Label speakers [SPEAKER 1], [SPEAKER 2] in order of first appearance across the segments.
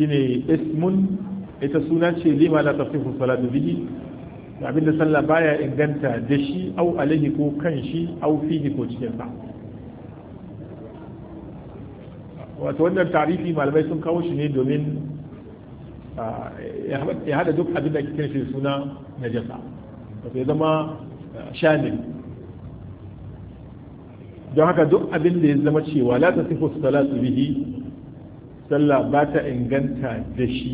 [SPEAKER 1] shine ismun ita suna ce lima la tasifu salatu bihi abinda sallah baya inganta da shi au alaihi ko kan shi au fihi ko cikin sa wato wannan tarihi malamai sun kawo shi ne domin ya hada duk abin da kike shi suna najasa wato ya zama shamil don haka duk abin da ya zama cewa la tasifu salatu bihi sallah ba ta inganta da shi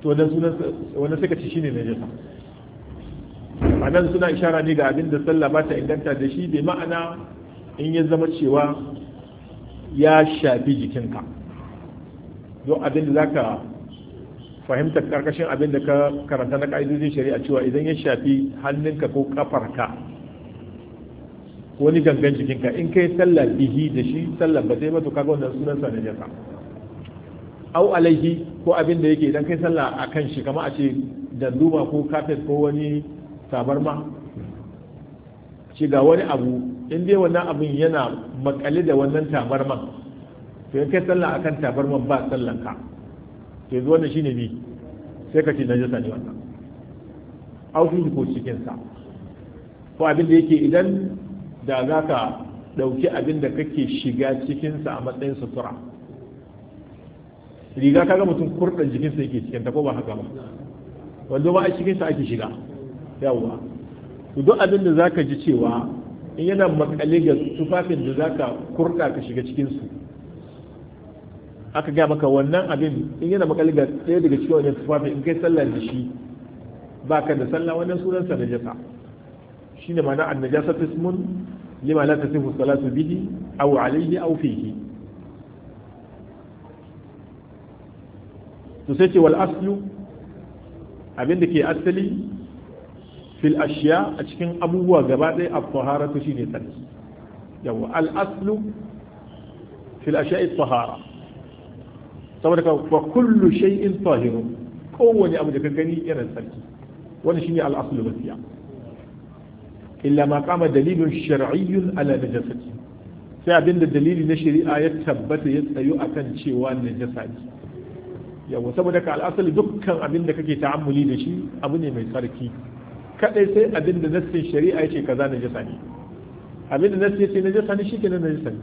[SPEAKER 1] to da sunan wanda suka ci shine ne a nan suna ishara ne ga abin da sallah ba ta inganta da shi bai ma'ana in ya zama cewa ya shafi jikinka don abin da za ka fahimta karkashin abin da ka karanta na ƙa'idojin shari'a cewa idan ya shafi hannunka ko kafarka wani gangan ka in kai sallah bihi da shi sallah ba zai mata kaga wannan sunan sa ne jasa au alaihi ko abin da yake idan kai sallah akan shi kamar a ce danduma ko kafet ko wani tabarma shi ga wani abu in dai wannan abin yana makale da wannan tabarma to in kai sallah akan tabarma ba sallan ka to yanzu wannan shine bi sai ka ce jasa ne wannan au fi ko cikin sa ko abin da yake idan da za ka ɗauki abin da kake shiga cikinsa a matsayin sutura riga kaga mutum kurɗan jikinsa yake cikin ta ko ba haka ba wanda ma a cikinsa ake shiga yawwa to duk abin da zaka ji cewa in yana makale ga tufafin da zaka kurɗa ka shiga cikinsu aka gaba maka wannan abin in yana makale ga ɗaya daga cikin wannan tufafin in kai sallah da shi ba ka da sallah wannan sunansa najasa shine ma'ana annajasa tismun lima la tasihu salatu bihi aw alayhi aw fihi to sai ce wal aslu abinda ke asali fil a cikin abubuwa gaba ɗaya a taharatu shine tsarki yawa al aslu fil saboda ka wa kullu shay'in tahirun kowane abu da ka gani yana tsarki Wani shine al aslu gaskiya illa ma kama dalilun shar'iyyun ala najasati sai abinda dalili na shari'a ya tabbata ya tsayo akan cewa najasa ne yawa saboda ka al'asali dukkan abinda kake ta'ammuli da shi abu ne mai tsarki kadai sai abinda nassin shari'a yace kaza najasa ne abinda nassin yace najasa ne shikenan najasa ne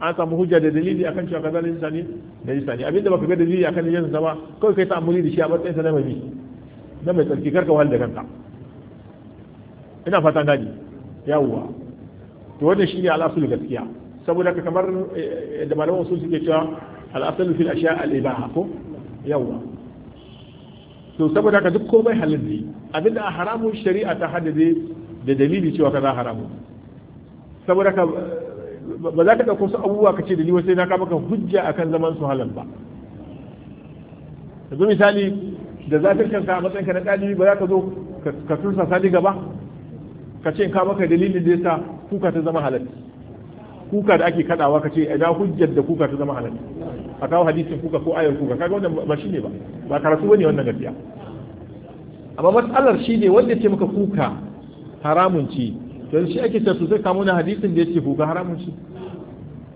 [SPEAKER 1] an samu hujja da dalili akan cewa kaza najasa ne najasa ne abinda baka ga dalili akan najasa ba kawai kai ta'ammuli da shi a matsayin sa na mai na mai tsarki karka wahal da kanka ina fatan gani yawwa to wannan ne al'asul gaskiya saboda ka kamar eh, da malaman usul suke cewa al'asul fil ashiya al ibaha ko yawwa to saboda ka duk komai halin ne abinda a haramun shari'a ta haddade da dalili cewa kaza haramu. saboda ka eh, ba za ka ɗauko su abubuwa ka ce da ni sai na kama ka hujja akan zaman su halal ba yanzu misali da zafin kanka a matsayin ka na ɗalibi ba za ka zo ka tursa sani gaba ka ce ka maka dalilin da yasa kuka ta zama halatta kuka da ake kadawa ka ce ina hujjar da kuka ta zama halatta a kawo hadisin kuka ko ayar kuka kaga wannan ba shine ba ba karatu bane wannan gaskiya amma matsalar shine wanda ce maka kuka haramun ce don shi ake ta sosai kamo hadisin da yake kuka haramun ce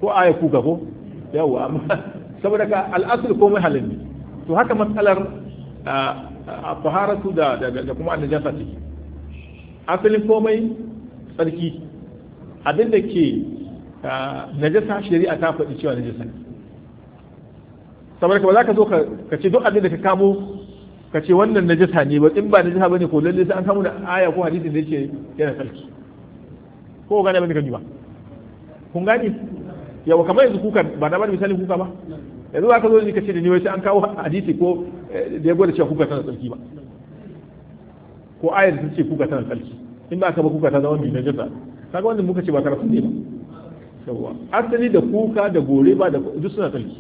[SPEAKER 1] ko ayar kuka ko yawa amma saboda ka al'asul komai halin ne to haka matsalar a ah, ah, taharatu da da kuma annajasa ce asalin komai tsarki abin da ke najasa shari'a ta faɗi cewa najasa saboda ka ba za ka zo ka ce duk abin da ka kamo ka ce wannan najasa ne ba in ba najasa bane ko lalle sai an kamo da aya ko hadisi da yake yana tsarki ko gane ba ne ka ji ba kun gani yawa kamar yanzu kuka ba na ba misalin kuka ba yanzu za ka zo ne ka ce da ni wai sai an kawo hadisi ko eh, da ya gwada cewa kuka tana tsarki ba ko ayar ta ce kuka tana tsarki in ba ka ba kuka ta zama mai najasa kaga wannan muka ce ba karatu ne ba yawa asali da kuka da gore ba da duk suna tsarki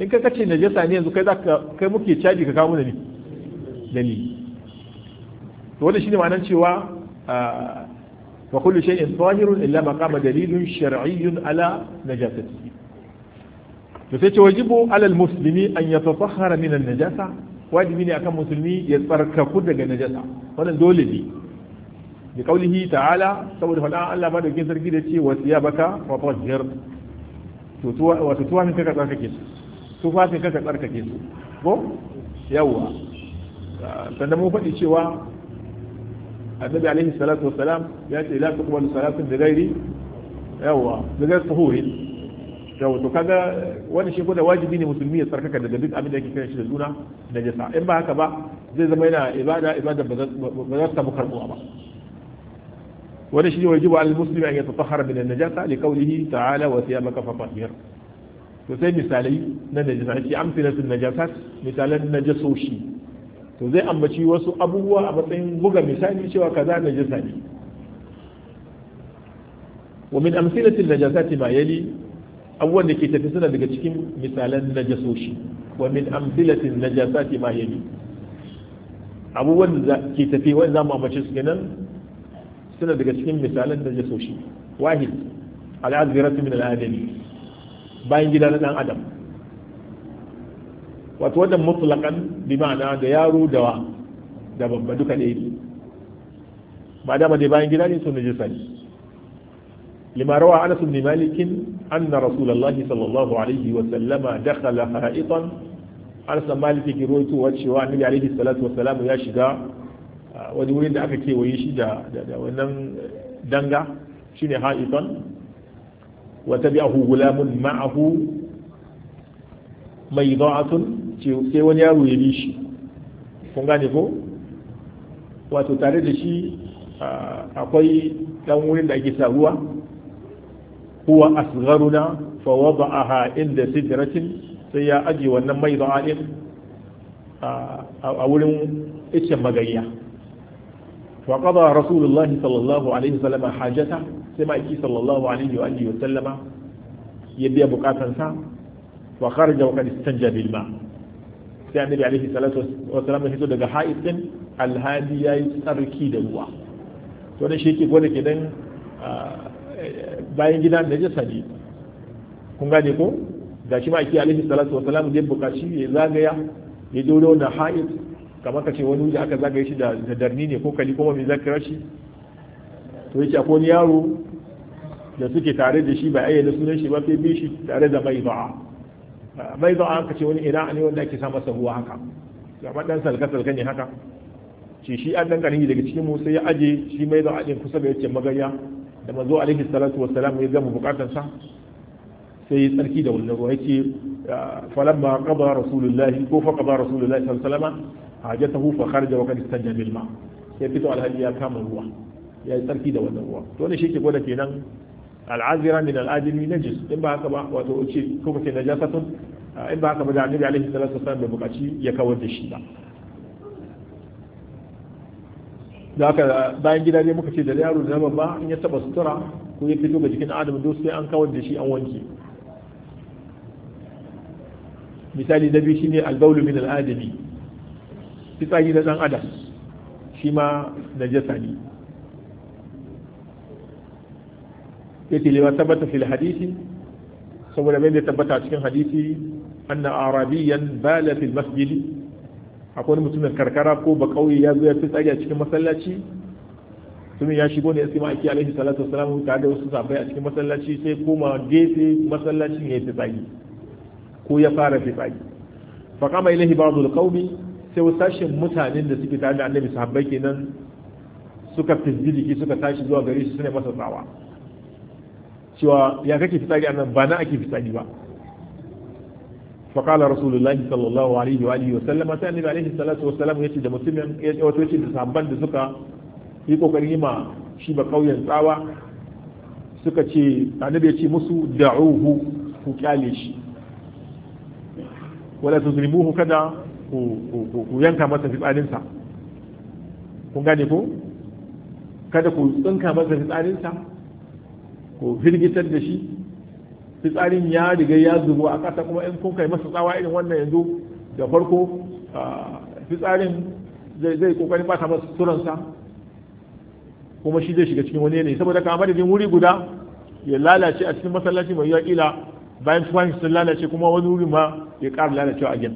[SPEAKER 1] in ka kace najasa ne yanzu kai za ka kai muke caji ka kawo ne dalili to wannan shine ma'anar cewa wa kullu shay'in tahirun illa ma qama dalilun shar'iyyun ala najasatihi to sai ce wajibu ala almuslimi an yatatahhara min an-najasa wajibi ne akan musulmi ya tsarkaku daga najasa wannan dole ne bi qaulihi ta'ala saboda faɗa Allah ba da kin sarki da ce wasiyabaka wa tahhir to tuwa wato tuwa min kaka tsarkake su tufafin kaka tsarkake su ko yawwa. sannan mun faɗi cewa annabi alaihi salatu wassalam ya ce la tuqbalu salatun bi ghairi yawa bi ghairi tuhurin yau to kaga wani shi ko da wajibi ne musulmi ya tsarkaka daga duk abin da yake kiran shi da suna jasa, in ba haka ba zai zama yana ibada ibada ba za ta samu karbuwa ba wani shi ne wajibu al muslimi an yatatahhara min an-najasa li qawlihi ta'ala wa thiyabaka fatahhir to sai misalai na najasa shi amsalatun najasat misalan najasoshi to zai ambaci wasu abubuwa a matsayin buga misali cewa kaza najasa ne ومن أمثلة النجاسات ما يلي abubuwan da ke tafi suna daga cikin misalan najasoshi wa min amsilatin najasati ma yabi abubuwan da ke tafi wanda zamu amince su kenan suna daga cikin misalan najasoshi wahid al'aziratu min al'adami bayan gida na dan adam wato wannan mutlaqan bi ma'ana da yaro dawa da babba duka ɗaya ne ba dama dai bayan gida ne sun najasa ne lima rawa anas bin malikin anna rasulullahi sallallahu alaihi wa sallama dakhala ha'itan an san maliki ki roito wacewa annabi alaihi salatu wassalam ya shiga wani wurin da aka kewaye shi da da wannan danga shine ha'itan wa tabi'ahu gulamun ma'ahu mayda'atun sai wani yaro ya bi kun gane ko wato tare da shi akwai ɗan wurin da a sa ruwa huwa asgharuna fa wada'aha inda sidratin sai ya aje wannan mai da'in a wurin icen magayya fa qada rasulullah sallallahu alaihi wasallam hajata sai ma sallallahu alaihi wa alihi ya biya bukatansa wa kharaja wa qad istanja bil ma sai annabi alaihi salatu wasallam ya fito daga ha'id din alhadi yayi tsarki da ruwa to ne shi yake gwada kidan bayan gida da jasa sani, kun gane ko shi ma ake alaihi salatu wasalam zai bukaci ya zagaya ya dole wanda ha'id kamar ka ce wani wuce aka zagaye shi da darni ne ko kali kuma mai zakira shi to yake akwai wani yaro da suke tare da shi ba ayyana sunan shi ba sai bi shi tare da mai ba'a mai ba'a ka ce wani ina ne wanda ake sa masa ruwa haka kamar dan salka salka ne haka ce shi an dan daga cikin mu sai ya aje shi mai ba'a din kusa da yace magarya da manzo alaihi salatu wa wassalam ya gama sa sai tsarki da wannan ruwa yace falamma qada rasulullahi ko fa qada rasulullahi sallallahu alaihi wasallam hajatahu fa kharaja wa qad istanja bil ma sai fito alhaji ya kama ruwa ya yi tsarki da wannan ruwa to ne shi ke gwada kenan al'azira min al'ajiri najis in ba haka ba wato ce ko kace najasatun in ba haka ba da annabi alaihi salatu wasallam bai bukaci ya kawar da shi ba da aka uh, bayan gida ne muka ce da yaro zama ba in ya taba sutura ko ya fito ga jikin adam dole sai an kawar da shi an wanke misali da biyu shine albaulu min al'adami fitsari na dan adam shi ma najasa ne yake lewa tabbata fil hadisi saboda bai da tabbata cikin hadisi anna arabiyan bala fil masjidi akwai wani mutumin karkara ko ba kauye ya zo ya fi tsari a cikin masallaci mutumin ya shigo ne ya sima aiki alaihi salatu wasalam tare da wasu sabai a cikin masallaci sai koma gefe masallacin ya fi tsari ko ya fara fi tsari fa kama ba zuwa qaumi sai wasu tashin mutanen da suke tare da annabi sahabbai kenan suka fi jiki suka tashi zuwa gare shi suna masa tsawa cewa ya kake fitsari a nan ba na ake fitsari ba faƙalar rasulullahi sallallahu alaihi wa alihi wasallam sai annabi alaihi salatu wasallam yace da mutumin ya wato yace da sahabban da suka yi kokarin ma shi ba kauyen tsawa suka ce annabi ya ce musu da'uhu ku kyale shi wala tuzrimuhu kada ku yanka masa fitsarinsa kun gane ko kada ku tsinka masa fitsarinsa ku firgitar da shi fitsarin ya riga ya zubo a ƙasa kuma in kun kai masa tsawa irin wannan yanzu da farko fitsarin zai zai kokarin bata masa turansa kuma shi zai shiga cikin wani yanayi saboda kamar da wuri guda ya lalace a cikin masallaci mai yaƙila bayan tufafi sun lalace kuma wani wuri ma ya ƙara lalacewa a gyan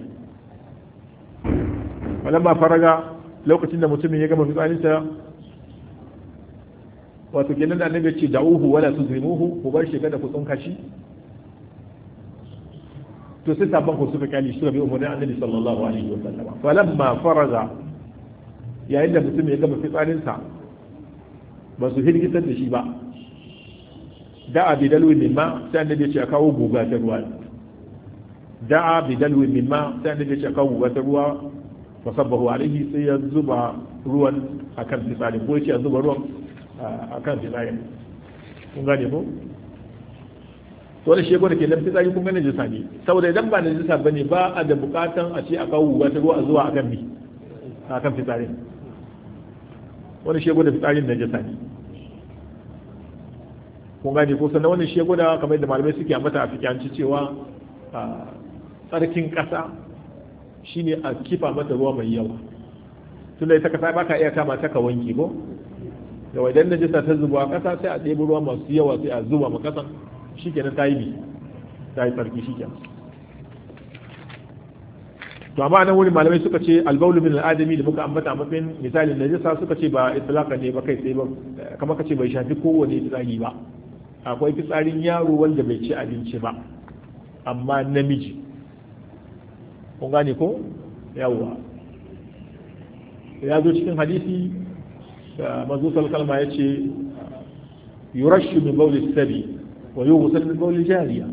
[SPEAKER 1] falamma faraga lokacin da mutumin ya gama fitsarinsa wato kenan da annabi ce uhu wala tuzrimuhu ku bar shi kada ku tsunka to sai sabon ku suka kyale shi bi umarnin annabi sallallahu alaihi wa sallama falamma faraza yayin da mutum ya gama fitsarin sa ba su hirgitar da shi ba da'a bi dalwi min ma sai annabi ya ce a kawo guga ta ruwa da'a bi dalwi min ma sai annabi ya ce a kawo guga ta ruwa fa sabbahu alaihi sai ya zuba ruwan akan fitsarin ko ya ce a zuba ruwan akan fitsarin kun gane ko to da shego da ke lafi tsari kun gane jisa ne saboda idan ba na jisa ba ne, ba a da bukatan a ce a kawo ba ta ruwa zuwa akan bi akan fitsarin wani shego da fitsarin jisa ne kun gane ko sannan wani shego da kamar da malamai suke mata a fikiyanci cewa tsarkin kasa shine a kifa mata ruwa mai yawa tunda ita kasa ba ka iya kama ta ka wanke ko da na najisa ta zuba kasa sai a ɗebi ruwa masu yawa sai a zuba ma kasan shi kenan ta yi bi ta yi tsarki shi ke to amma nan wani malamai suka ce albaulu min al'adami da muka ambata matsayin misalin najasa suka ce ba itlaka ne ba kai tsaye ba kama ka ce bai shafi kowane fitsari ba akwai fitsarin yaro wanda bai ci abinci ba amma namiji kun gane ko yawwa ya zo cikin hadisi mazu salkalma ya ce yurashu min bawli sabi wa yughsal min bawl jariya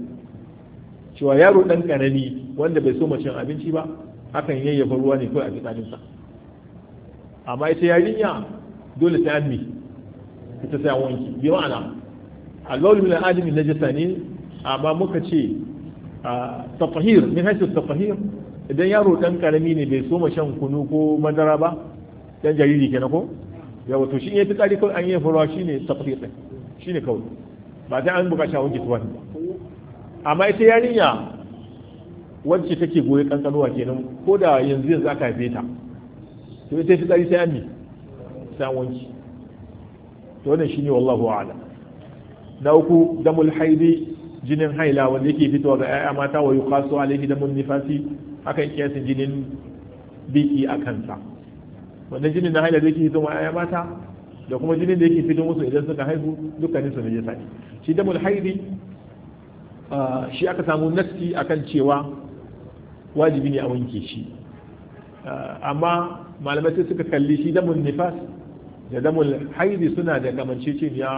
[SPEAKER 1] cewa yaro ɗan karami wanda bai so macin abinci ba hakan yi yayyafa ruwa ne kawai a fitsarin sa amma ita yarinya dole ta ammi ita sai wanki bi ma'ana al-bawl min na adami najasa ne amma muka ce tafahir min haisu tafahir idan yaro ɗan karami ne bai soma shan kunu ko madara ba ɗan jariri kenan ko ya wato shi ya fitsari kawai an yi furawa shine tafahir din shine kawai ba sai an buƙaci a wanke tufafi amma ita yarinya wacce take goye kankanuwa kenan ko da yanzu yanzu aka haife ta to ita fi tsari sai an ne sai wanke to wannan shine wallahu a'lam na uku damul haidi jinin haila wanda yake fitowa ga 'ya'ya mata wa yuqasu alaihi damun nifasi akan kiyasi jinin biki a kansa wannan jinin na haila da yake fitowa 'ya'ya mata da kuma jinin da yake fito musu idan suka haihu dukkanin su najasa ne shi damul haidi shi aka samu nassi akan cewa wajibi ne a wanke shi amma malamai sai suka kalli shi damul nifas da damul haidi suna da ya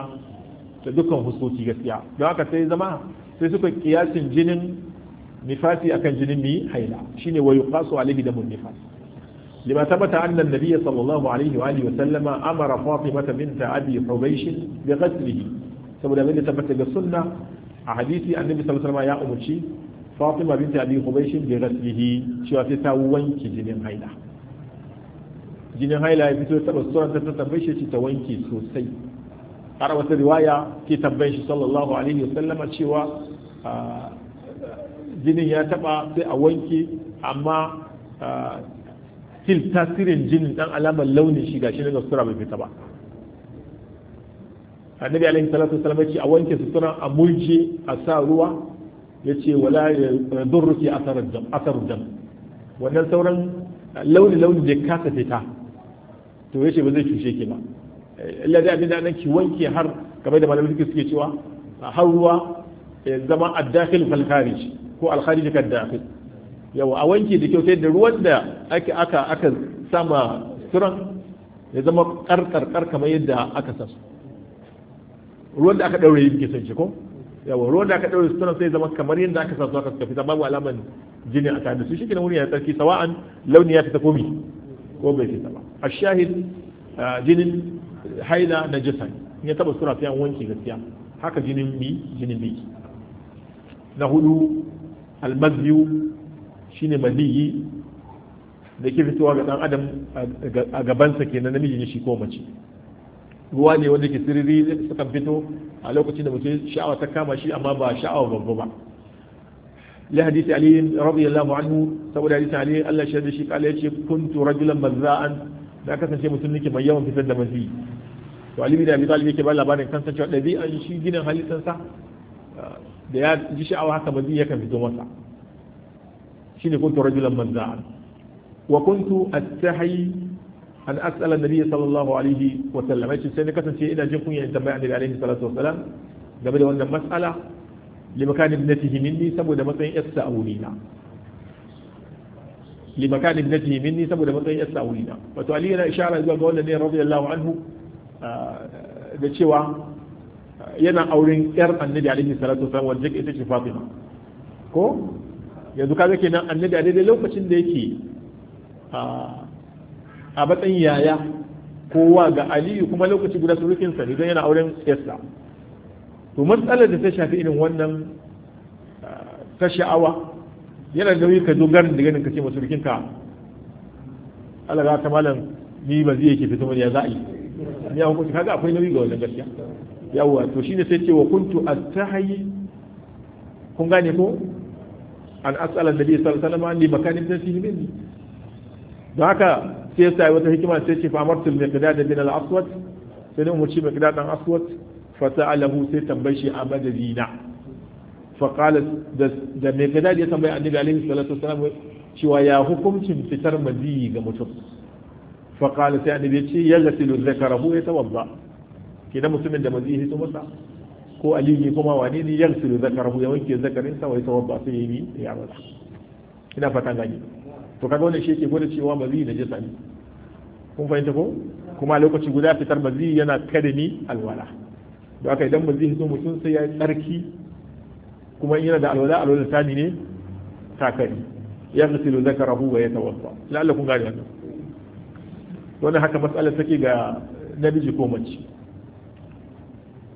[SPEAKER 1] da dukkan huskoki gaskiya don haka sai zama sai suka kiyasin jinin nifasi akan jinin mi haila shine wayu qasu alaihi damul nifas لما ثبت أن النبي صلى الله عليه وآله وسلم أمر فاطمة بنت أبي حبيش بغسله سبب من ثبت بالسنة حديث النبي صلى الله عليه وسلم يا أمتي فاطمة بنت أبي حبيش بغسله شو أتتا وانك جنين هيلا جنين هيلا يفتو تبا السنة تتنبيش تتوانك سوسي أرى رواية تتنبيش صلى الله عليه وسلم شو آه جنين يتبع سي أوانك أما آه hil tasirin jinin dan alamar launin shi gashi na sutura bai fita ba annabi alaihi salatu wasallam yace a wanke sutura a mulje a sa ruwa yace wala yadurruki athar dam athar dam wannan sauran launi launi da kasa fita to yace ba zai cushe ki ba illa da abin da nan ki wanke har kamar da malamin suke cewa har ruwa zama ad-dakhil fal kharij ko al kharij kad dakhil yawa a wanki da kyau sai da ruwan da aka aka aka sama suran ya zama karkarkar kamar yadda aka sa su ruwan da aka daure yi ke son ko yawa ruwan da aka daure suran sai zama kamar yadda aka sa su aka suka babu alaman jini a tare da su shi kenan wuri ya tsarki sawa'an launi ya fita komi ko bai fita ba a shahid ah, jinin haila na jisa ya taba sura sai an wanke gaskiya haka jinin bi jinin bi na hudu almaziyu shine maliyi da ke fitowa ga dan adam a gabansa kenan namiji ne shi ko mace ruwa ne wanda ke siriri sukan fito a lokacin da mutum sha'awa ta kama shi amma ba sha'awa babba ba ya hadisi ali radiyallahu anhu saboda hadisi ali Allah shi da shi kala yace kuntu rajulan mazza'an da kasance mutum nake mai yawan fitar da mazi to ali bin abi talib yake ba labarin kansa cewa dabi'an shi ginin halittansa da ya ji sha'awa haka mazi yakan fito masa shine kuntu rajulan manza'a wa kuntu astahi an as'ala nabiyyi sallallahu alaihi wa sallam sai kasance ina jin kunya in tambaya annabi alaihi salatu wa salam game da wannan mas'ala li makan ibnatihi minni saboda matsayin yassa li makan ibnatihi minni saboda matsayin yassa wato ali yana ishara zuwa ga wannan ne radiyallahu anhu ah, da cewa yana auren yar annabi alaihi salatu wasallam wanda ita ce Fatima ko yanzu kaga kenan annabi a daidai lokacin da yake a batsayin yaya kowa ga aliyu kuma lokaci guda surukinsa ne don yana auren yasa to matsalar da ta shafi irin wannan ta sha'awa yana da ka zo garin da ganin ka ce masu rikinka ta malam ni ba zai yake fito ya za'i ni ya hukunci kaga akwai nauyi ga wannan gaskiya yawa to shine sai ce wa kuntu astahi kun gane ko an as'ala annabi sallallahu alaihi wasallam ni makanin tafihi minni ba ka sai sai wata hikima sai ce fa me famartul miqdad bin al-aswad sai mu ci me miqdad dan aswad fa sa'alahu sai tambaye shi a madadina fa qala da me miqdad ya tambaye annabi alaihi salatu wasallam cewa ya hukuncin fitar madiyi ga mutum fa qala sai annabi ya ce yaghsilu dhakarahu yatawadda kidan mutumin da madiyi hito masa ko aliyu ne kuma wane ne yan su zakarahu ya wanke zakarin sa wai tawab ba sai yi ya wasu ina fata gani to kaga wani shi yake gwada cewa mazi na jisa Sani kun fahimta ko kuma lokaci guda fitar ba zai yana kada ni alwala da aka idan zai hito mutum sai ya yi tsarki kuma yana da alwala alwala ni ne takari ya gasilu zakarahu ba ya tawabba la'alla kun gani wannan wannan haka mas'alar take ga namiji ko mace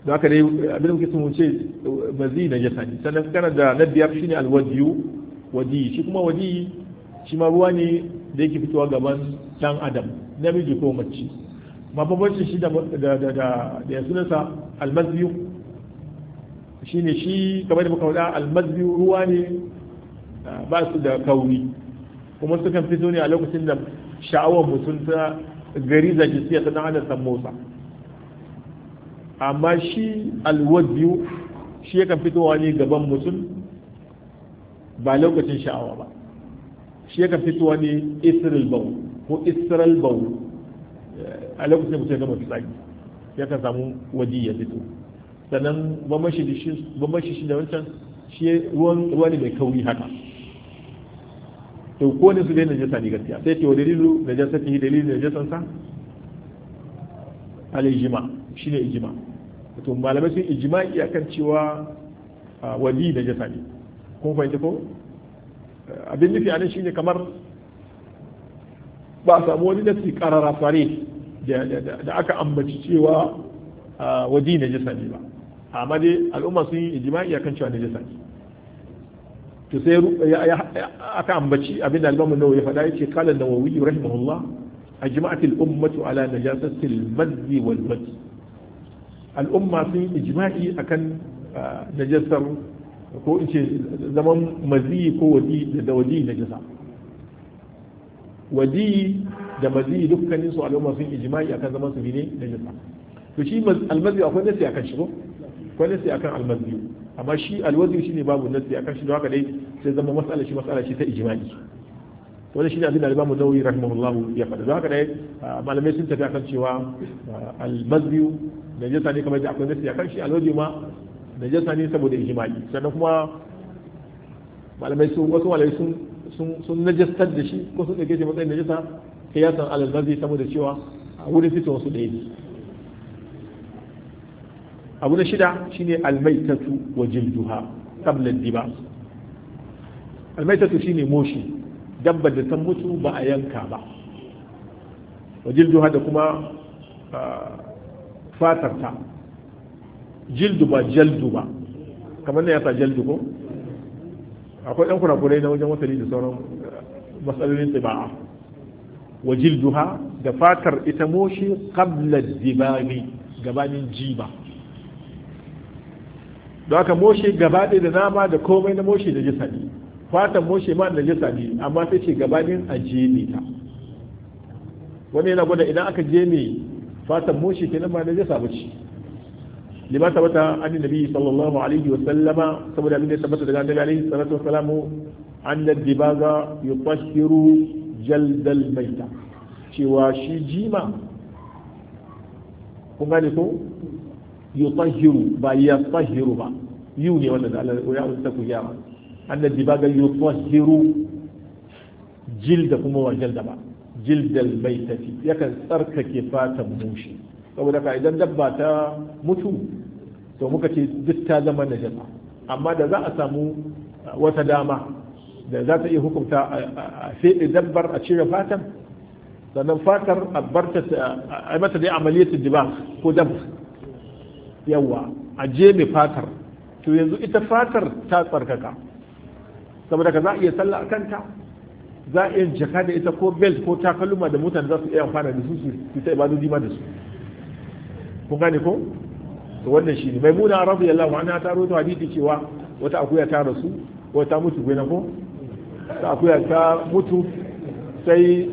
[SPEAKER 1] da aka dai abin da muke sun ce mazi na jasa ne sannan kana da na biyar shine alwadiyu wadi shi kuma wadi shi ma ruwa ne da yake fitowa gaban dan adam namiji ko mace ma bambancin shi da da ya sunansa shi shine shi kamar da muka faɗa almaziyu ruwa ne ba su da kauri kuma sukan fito ne a lokacin da sha'awar mutum ta gari zaki siya ta dan adam san motsa amma shi alwadiyu shi ya kan fitowa ne gaban mutum ba lokacin sha'awa ba shi ya kan fitowa ne israel bau ko israel bau a lokacin mutum ya gama fitsari kan samu wadi ya fito sannan bambashi shi da wancan shi ruwa ne mai kauri haka to ko ne su dai najasa ne gaskiya sai ce dalilu najasa ta yi dalilu najasansa alijima shi ne ijima to malamai sun ijma'i akan cewa wali da jasa ne kun fahimta ko abin nufi anan shine kamar ba a samu wani nasi karara fare da aka ambaci cewa wadi na jisa ne ba amma dai al'umma sun yi ijima'i akan cewa na jisa ne to sai aka ambaci abin da albamu nawa ya faɗa ya ce kalan nawawi rahimahullah a jima'atil ummatu ala najasatil maddi wal maddi al'umma sun ijma'i kan najasar ko in ce zaman mazi ko wadi da na najasa wadi da mazi dukkanin su al'umma sun ijma'i kan zaman su ne najasa to shi almazi akwai nasi kan shi ko akwai nasi kan almazi amma shi alwazi ne babu nasi kan shi don haka dai sai zama mas'ala shi mas'ala shi ta ijma'i wani shi ne abin da alimamu nawawi rahimahullahu ya faɗi za ka ɗaya malamai sun tafi akan cewa almazbiyu najasa ne kamar da akwai nasi kan shi alwaji ma najasa ne saboda ijma'i sannan kuma malamai sun wasu malamai sun sun najastar da shi ko sun ɗauke shi matsayin najasa kiyasan alal saboda cewa a wurin fito wasu ɗaya ne abu na shida shine almaitatu wa jilduha qabla diba almaitatu shine moshi dabbar da ta mutu ba a yanka ba wajil duha da kuma fatarta jildu ba jaldu ba kamar na yasa jaldu ko akwai ɗan kurakurai na wajen wasanni da sauran matsalolin tsiba'a wa jilduha da fatar ita moshi qabla dibami gabanin jiba don haka moshi gaba da nama da komai na moshi da jisadi fatan moshe ma najasa ne amma sai ce gabanin a jeme ta wani yana gwada idan aka jeme fatan moshe kenan ba najasa ba ce lima tabbata an nabi sallallahu alaihi wa sallama saboda abin da ya tabbata daga annabi alaihi salatu wa salamu an dibaga yutahhiru jaldal maita cewa shi jima kun gane ko yutahhiru ba ya yatahhiru ba yu ne wanda da Allah ya ta ku yama annal dibaga yutahhiru jilda kuma wa jilda ba jildal baitati yakan tsarkake fatan mushi saboda ka idan dabba ta mutu to muka ce duk ta zama najasa amma da za a samu wata dama da za ta iya hukunta a fede dabbar a cire fatan sannan fatar a barta a mata dai amaliyatu ko dab yawa a je fatar to yanzu ita fatar ta tsarkaka saboda ka za a iya sallah a kanta za a iya jaka da ita ko belt ko takalma da mutane za su iya amfana da su su ta ibadu ma da su kun gane ko to wannan shi ne maimuna radiyallahu ana ta rawaito hadithi cewa wata akuya ta rasu ko ta mutu na ko ta akuya ta mutu sai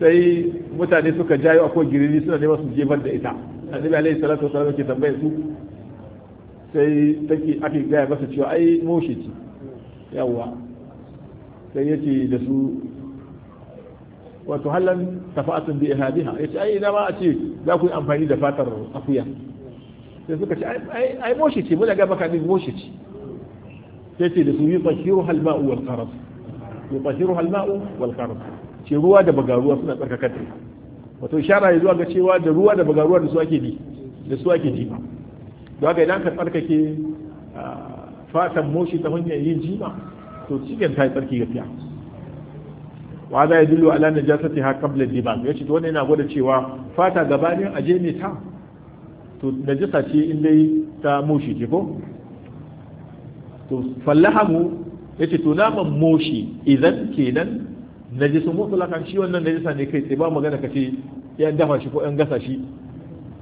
[SPEAKER 1] sai mutane suka jayo akwai giriri suna neman su jefar da ita annabi alaihi salatu wasallam ke tambaye su sai take ake gaya masa cewa ai moshe ce yawwa sai yace da su wato halan tafa'atun bi ihadiha yace ai ina ma a ce za ku yi amfani da fatar akuya sai suka ce ai moshi ce muna ga maka din moshi ce sai ce da su yi tashiru halma'u wal qaras yi tashiru halma'u wal qaras ce ruwa da bagaruwa suna tsarkaka ta wato shara ya zuwa ga cewa da ruwa da bagaruwa da su ake bi da su ake ji ba don haka idan ka tsarkake ah, fatan moshi ta hanyar yin jima to cikin ta yi tsarki gafiya wa za ya dillo ala ta ha qabla dibag ya to wani yana gwada cewa fata gabanin a ne ta to najasa ce in dai ta moshi ce ko to fallahamu ce to naman moshi idan kenan najisu mutlaqan shi wannan najisa ne kai sai ba magana ce yan dafa shi ko yan gasa shi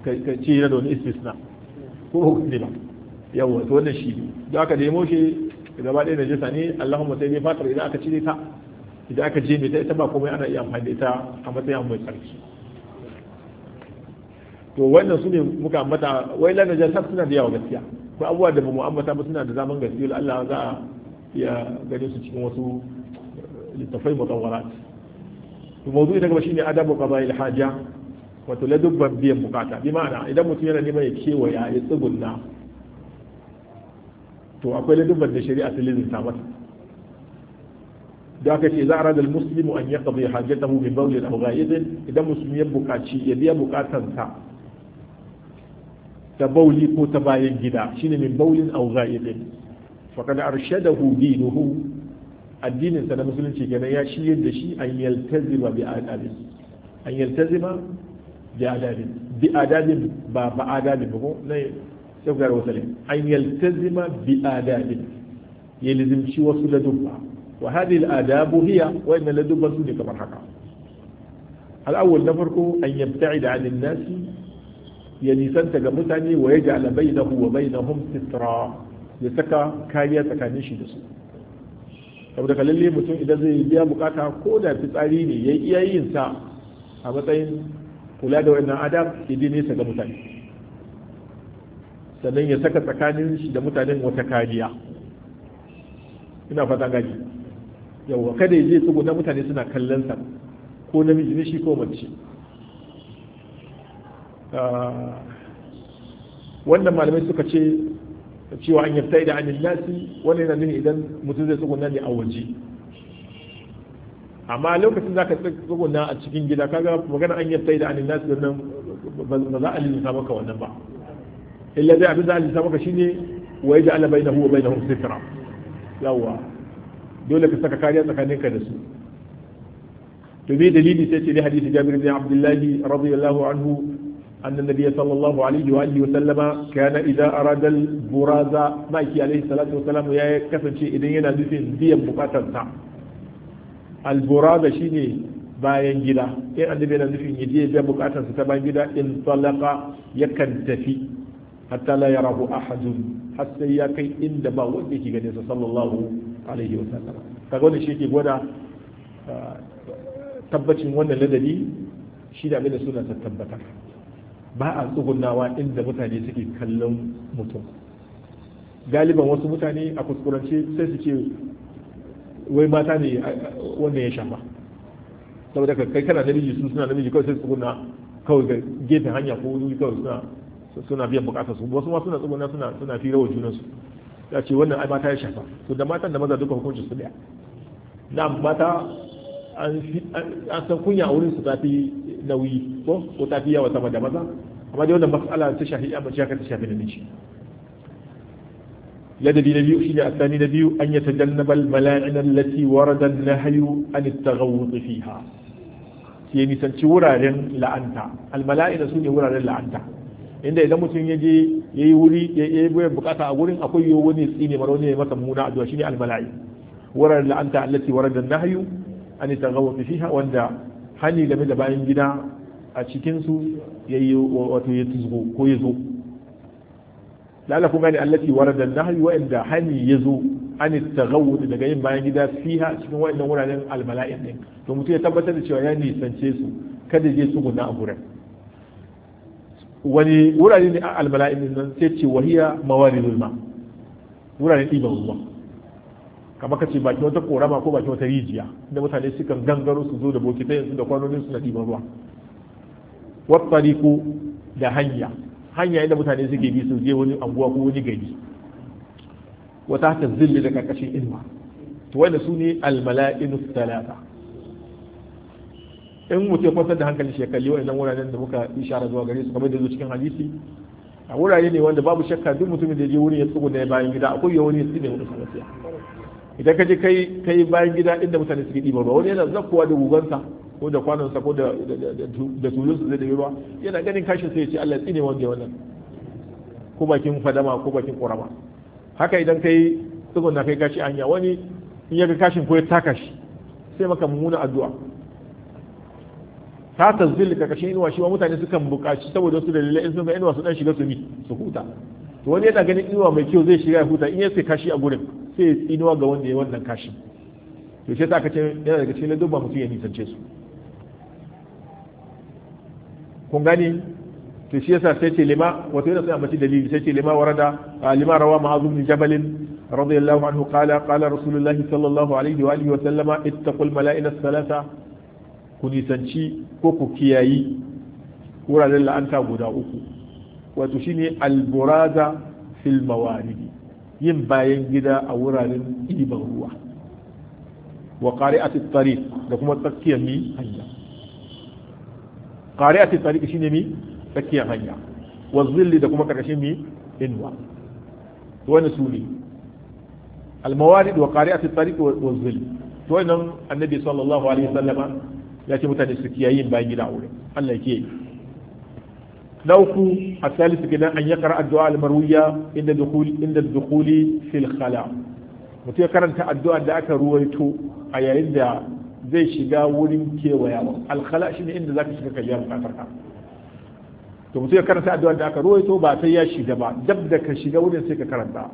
[SPEAKER 1] ka ce da wani istisna ko hukunci ba yawa to wannan shi da aka nemo shi gaba ɗaya jisa ne allahumma sai dai fatar idan aka cire ta idan aka je ta ita ba komai ana iya amfani da ita a matsayin mai tsarki to wannan su ne muka ambata wai lana jasar suna da yawa gaskiya ko abubuwa da ba mu ambata ba suna da zaman gaskiya Allah za a iya gani su cikin wasu eh, littafai mutawwarat to mawdu'i ita kuma shine adabu qada'il haja wato ladubban biyan bukata bi ma'ana idan mutum yana neman ya kewaya ya tsugunna to akwai ladabban da shari'a ta lizinta mata da aka ce za a radar musulmi an yaka bai hajjata mu bin da abu idan musulmi ya bukaci ya biya bukatansa ta bauli ko ta bayan gida shine min baulin abu fa faƙad arshadahu dinuhu addininsa na musulunci kenan ya shirya da shi an yaltazima bi adabin an yaltazima bi adabin bi adabin ba ba adabin ba ko sai ku wasu ne an yaltazima bi adabin ya lizimci wasu ladubba wa hadhihi al hiya wa inna ladubba su ne kamar haka al na farko an yabta'ida da an nasi ya nisanta ga mutane wa yaj'al bainahu wa hum sitra ya saka kariya tsakanin shi da su saboda kalalle mutum idan zai biya bukata ko da fitsari ne ya iya yin sa a matsayin kula da wannan adab idan nesa ga mutane sannan ya saka tsakanin shi da mutanen wata kariya ina fata gani yawa kada ya je tsugunta mutane suna kallon sa ko namiji ne shi ko mace ah, wannan malamai suka ce cewa an yarta da anil nasi wannan yana nuni idan mutum zai tsugunna ne a waje amma lokacin zaka tsugunna a cikin gida kaga magana an yarta da anil nasi wannan ba za a lissa maka wannan ba إلا الذي يعبد الله سبحانه شيني ويجعل بينه وبينهم ذكرا لو دولة كسكا كاريا تكاني كدس تبي دليل سيتي لحديث جابر بن عبد الله رضي الله عنه أن النبي صلى الله عليه وآله وسلم كان إذا أراد البرازة مايكي عليه الصلاة والسلام يا كسن شيء إذن ينا دفن دي مقاتل سع البرازة شيني bayan gida in annabi yana nufin yaje ya bukatar sa ta bayan gida in talaka yakan tafi hatta la yarahu ahadun har sai ya kai inda ba wanda yake ganin sa sallallahu alaihi wa sallam kaga wannan shi ke gwada ah, tabbacin wannan ladabi shi da abin da suna ta tabbata ba a tsugunawa inda mutane suke kallon mutum galiban wasu mutane a kuskurance sai su ce wai mata ne wannan ya shafa saboda kai kana namiji su suna namiji kawai sai su tsuguna kawai gefen hanya ko wuri kawai suna suna biyan bukatar su wasu ma suna tsubuna suna suna fira wa junan su ya ce wannan ai mata ya shafa to da matan da maza duka hukuncin su daya na mata an san kunya a wurin su tafi nauyi ko ko tafi yawa sama da maza amma dai wannan mas'ala ta shafi a mace ka ta shafi miji. ladabi na biyu shine asani na biyu an yatajannaba al-mala'in allati warada an-nahyu an at-taghawwud fiha ke nisanci wuraren la'anta al-mala'ina sune wuraren la'anta inda idan mutum ya je ya yi wuri ya yi bukata a wurin akwai yiwu wani tsine mara wani ya masa muna addu'a shine almala'i warar la'anta allati warada nahyu an tagawwa fiha wanda hani game da bayan gida a cikin su yayi wato ya tuzgo ko ya zo lalaku gani allati warada nahyu wa inda hani ya zo an tagawwa daga yin bayan gida fiha cikin wayannan wuraren almala'in din to mutum ya tabbatar da cewa ya nisance su kada je tsuguna a gurin wani wurare ne a almala'in nan sai ce wahiya mawari zulma wurare ɗiban ruwa kamar ka ce baki wata korama ko baki wata rijiya da mutane sukan gangaro su zo da bokitai yanzu da kwanonin su na ɗiban ruwa ko da hanya hanya inda mutane suke bi su je wani anguwa ko wani gari wata ta zilli da karkashin inuwa to wanda su ne almala'in talata in mutu ya kwantar da hankali shekali ya idan wuraren da muka ishara zuwa gare su kamar da zo cikin hadisi a wurare ne wanda babu shakka duk mutumin da ya je wurin ya tsugu da bayan gida akwai ya wani ya tsine wani sanasiya idan ka je kai kai bayan gida inda mutane suke ɗiba ruwa wani yana zakkowa da gugansa ko da kwanonsa ko da da tulunsa zai ɗabi ruwa yana ganin kashin sai ya ce Allah ya tsine wanda ya wannan ko bakin fadama ko bakin ƙorama haka idan kai tsugun na kai kashi anya wani in ya ga kashin ko ya taka shi sai maka mummuna addu'a ta tazil karkashin inuwa shi wa mutane sukan buƙaci saboda wasu dalilai in sun ga inuwa su dan shiga su mi su huta to wani yana ganin inuwa mai kyau zai shiga ya huta in ya sai kashi a gurin sai ya inuwa ga wanda ya wannan kashi to sai aka ce yana daga cikin ladubba mutum ya nisance su kun gani to shi yasa sai ce lima wato yana sai ambaci dalili sai ce lima warada lima rawa ma'azu bin jabal radiyallahu anhu qala qala rasulullahi sallallahu alaihi wa alihi wa sallama ittaqul mala'ina thalatha ku nisanci ko ku kiyayi wuraren la'anta guda uku wato shi ne alburaza Filmawari mawaridi yin bayan gida a wuraren ɗiban ruwa wa qari'atit tariq da kuma tsakiyar mi hanya qari'atit tariq shine mi tsakiyar hanya wa zilli da kuma karkashin mi inwa wani sune Almawari da wa qari'atit tariq wa zilli to nan annabi sallallahu alaihi wasallama ya ce mutane su kiyaye bayan gida a wurin Allah ya kiyaye na uku a salisu gidan an ya kara addu'a al inda dukuli inda dukuli fil khala mutum ya karanta addu'a da aka ruwaito a yayin da zai shiga wurin kewayawa alkhala shi ne inda zaka shiga kai kafarka to mutum ya karanta addu'a da aka ruwaito ba sai ya shiga ba dab da ka shiga wurin sai ka karanta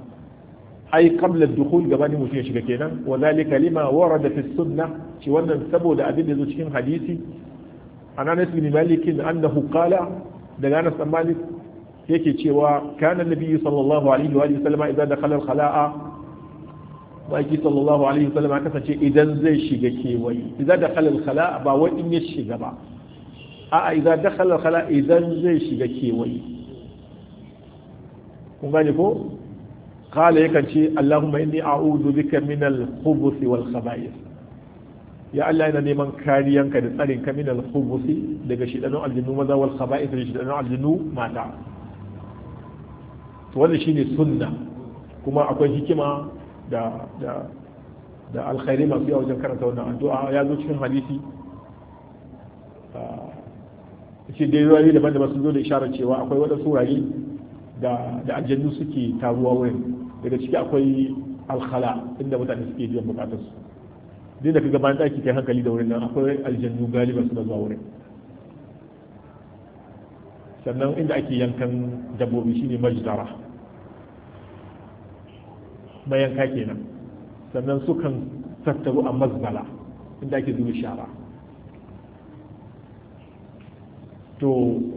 [SPEAKER 1] ai qabla dukhul gabanin mutum ya shiga kenan wa zalika lima warada fi sunnah shi wannan saboda abin da zo cikin hadisi an Anas bin Malik annahu qala daga Anas bin Malik yake cewa kana nabi sallallahu alaihi wa sallama idan dakhala al-khala'a baki sallallahu alaihi wa sallama kasance idan zai shiga kewai idan dakhala al-khala'a ba wai in ya shiga ba a'a idan dakhala al-khala'a idan zai shiga kewai. kun gane ko qala yakan ce allahumma inni a'udhu bika min al-khubuth wal khaba'ith ya Allah ina neman kariyanka da tsarin ka min al-khubuth daga shidanun aljinnu maza wal khaba'ith da shidanun aljinnu mata to wannan shine sunna kuma akwai hikima da da da alkhairi masu yawa wajen karanta wannan addu'a ya zo cikin hadisi shi dai ruwaye daban da sun zo da isharar cewa akwai wadansu wurare da aljannu suke taruwa wurin daga ciki akwai alkhala inda mutane suke biyan bukatar su duk da kaga bayan daki kai hankali da wurin nan akwai aljannu galiba suna zuwa wurin sannan inda ake yankan dabbobi shine majdara mayanka kenan sannan sukan tattaru a mazbala inda ake zuwa shara to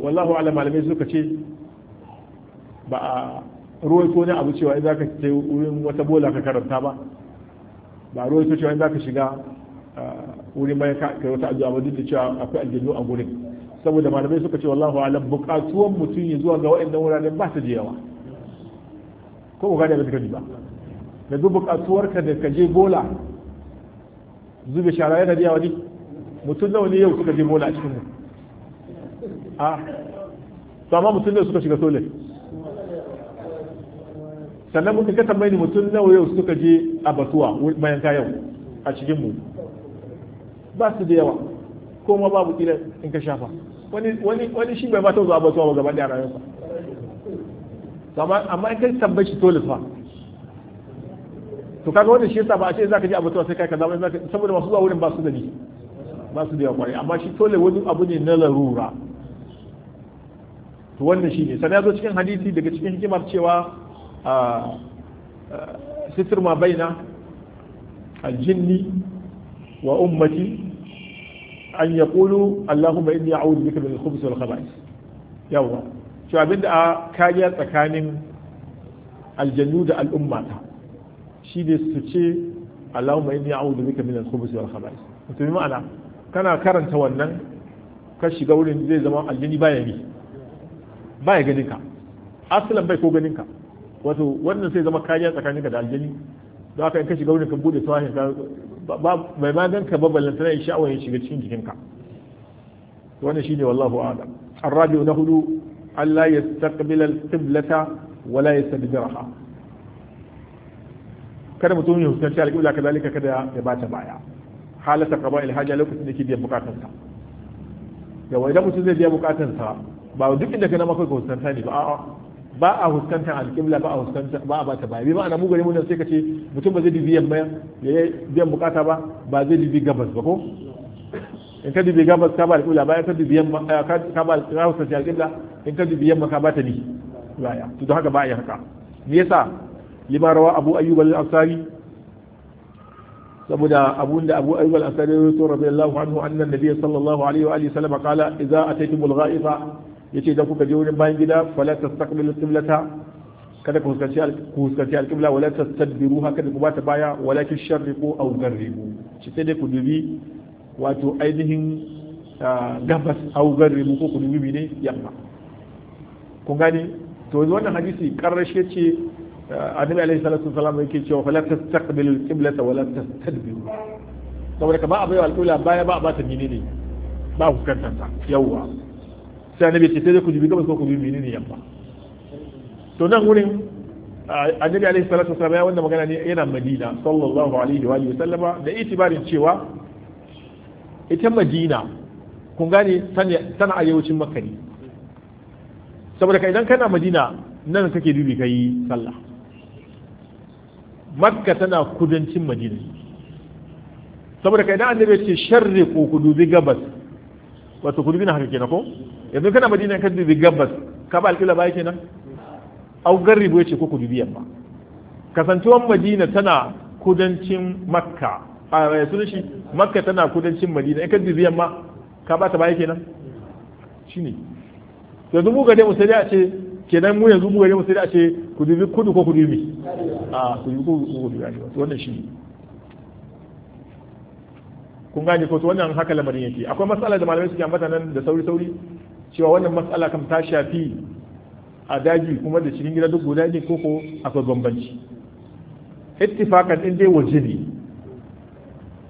[SPEAKER 1] wallahu ala malamai suka ce ba a ruwaito ne abu cewa in za ka ce wurin wata bola ka karanta ba ba ruwaito cewa in za ah, ka shiga wurin bayan ka wata abu a wajen da cewa akwai aljannu a gurin saboda malamai suka ce wallahu alam bukatuwan mutum ya zuwa ga waɗannan wuraren ba ta jiyawa ko ba gane ba ba da duk ka da ka je bola zube shara yana jiyawa ne mutum nawa ne yau suka je bola a cikin mu a ah, to amma mutum ne suka shiga sole sannan muka ga tambayi mutum nawa yau suka je a batuwa bayan yau a cikinmu ba su da yawa ko ma babu kila in ka shafa wani shi bai mata zuwa batuwa ba gaban da ba amma in kai tambayi shi dole fa to kaga wannan shi yasa ba a ce za ka je a batuwa sai kai ka zama saboda masu zuwa wurin ba su da ni ba su da yawa kwarai amma shi tole wani abu ne na larura to wannan shi ne sannan ya zo cikin hadisi daga cikin hikimar cewa sitir ma baina aljinni wa ummati an ya kulu allahumma inni a'udhu bika min al-khubuthi wal khaba'ith yawa to abinda a kariya tsakanin aljannu da al'ummata shi ne su ce allahumma inni a'udhu bika min al-khubuthi wal khaba'ith to bi ma'ana kana karanta wannan ka shiga wurin zai zama aljini baya bi baya ganin bai ko ganinka. wato wannan sai zama kariya tsakaninka da aljani don haka in ka shiga wurin ka bude tawahin ka mai magan ka ba tana yin sha'awa ya shiga cikin jikinka wannan shine wallahu a'lam الرابع نهدو ألا wala ya ولا يستدبرها kada mutum ya huskanci alƙibla ka zalika kada ya bata baya halata qaba ilhaja lokacin da ke biyan bukatansa yawa idan mutum zai biya bukatansa ba duk inda ka na maka huskanta ne ba a'a ba a huskantar alƙibla ba a huskantar ba a bata baya bi ma'ana mugare mun sai ka ce mutum ba zai dubi yamma ya biyan bukata ba ba zai dubi gabas ba ko in ka dubi gabas ka ba alƙibla ba ka dubi yamma eh, ka ba ka huskantar alƙibla in ka dubi yamma ka ba ta ni baya to don haka ba a haka me yasa lima rawa abu ayyub al-ansari saboda abun da abu ayyub al-ansari ya rawaito radiyallahu anhu anna nabiyyi sallallahu alaihi wa alihi sallama qala idza ataytumul ghaifa yace idan kuka je wurin bayan gida fala tastaqbilu qiblata kada ku fuskanci ku fuskanci alqibla wala tastadbiru haka da ku bata baya walakin sharriqu aw garribu shi sai dai ku dubi wato ainihin ah, gabas aw garribu ko ku dubi ne yamma ku gane to wannan hadisi karrashe ce ah, annabi alaihi salatu wasallam yake cewa fala tastaqbilu qiblata wala tastadbiru saboda kamar abai alqibla baya ba ba ta ne ba ku kanta yawwa sai bai ce sai dai ku dubi gabas ko ne dubi yamma to nan wurin annabi alaihi salatu wasallam ya wanda magana ne yana madina sallallahu alaihi wa sallama da itibarin cewa ita madina kun gane tana arewacin makka ne saboda idan kana madina nan kake dubi kai sallah makka tana kudancin madina saboda idan annabi ce sharri ko kudu bi gabas wato kudu na haka kenan ko yanzu kana madina ka dubi gabas ka ba alƙila baya kenan au garribu ya ce ko kudu biyan ba kasantuwan madina tana kudancin makka a sunan shi makka tana kudancin madina in ka dubi yamma ka ba ta baya kenan shine yanzu mu gare mu sai a ce kenan mu yanzu mu gare mu sai a ce kudu kudu ko kudu mi a kudu ko kudu arewa wannan shi ne kun gane ko to wannan haka lamarin yake akwai matsala da malamai suke ambata nan da sauri sauri cewa wannan matsala kam ta shafi a daji kuma da cikin gida duk guda ne koko akwai bambanci ittifaqan inda dai waje ne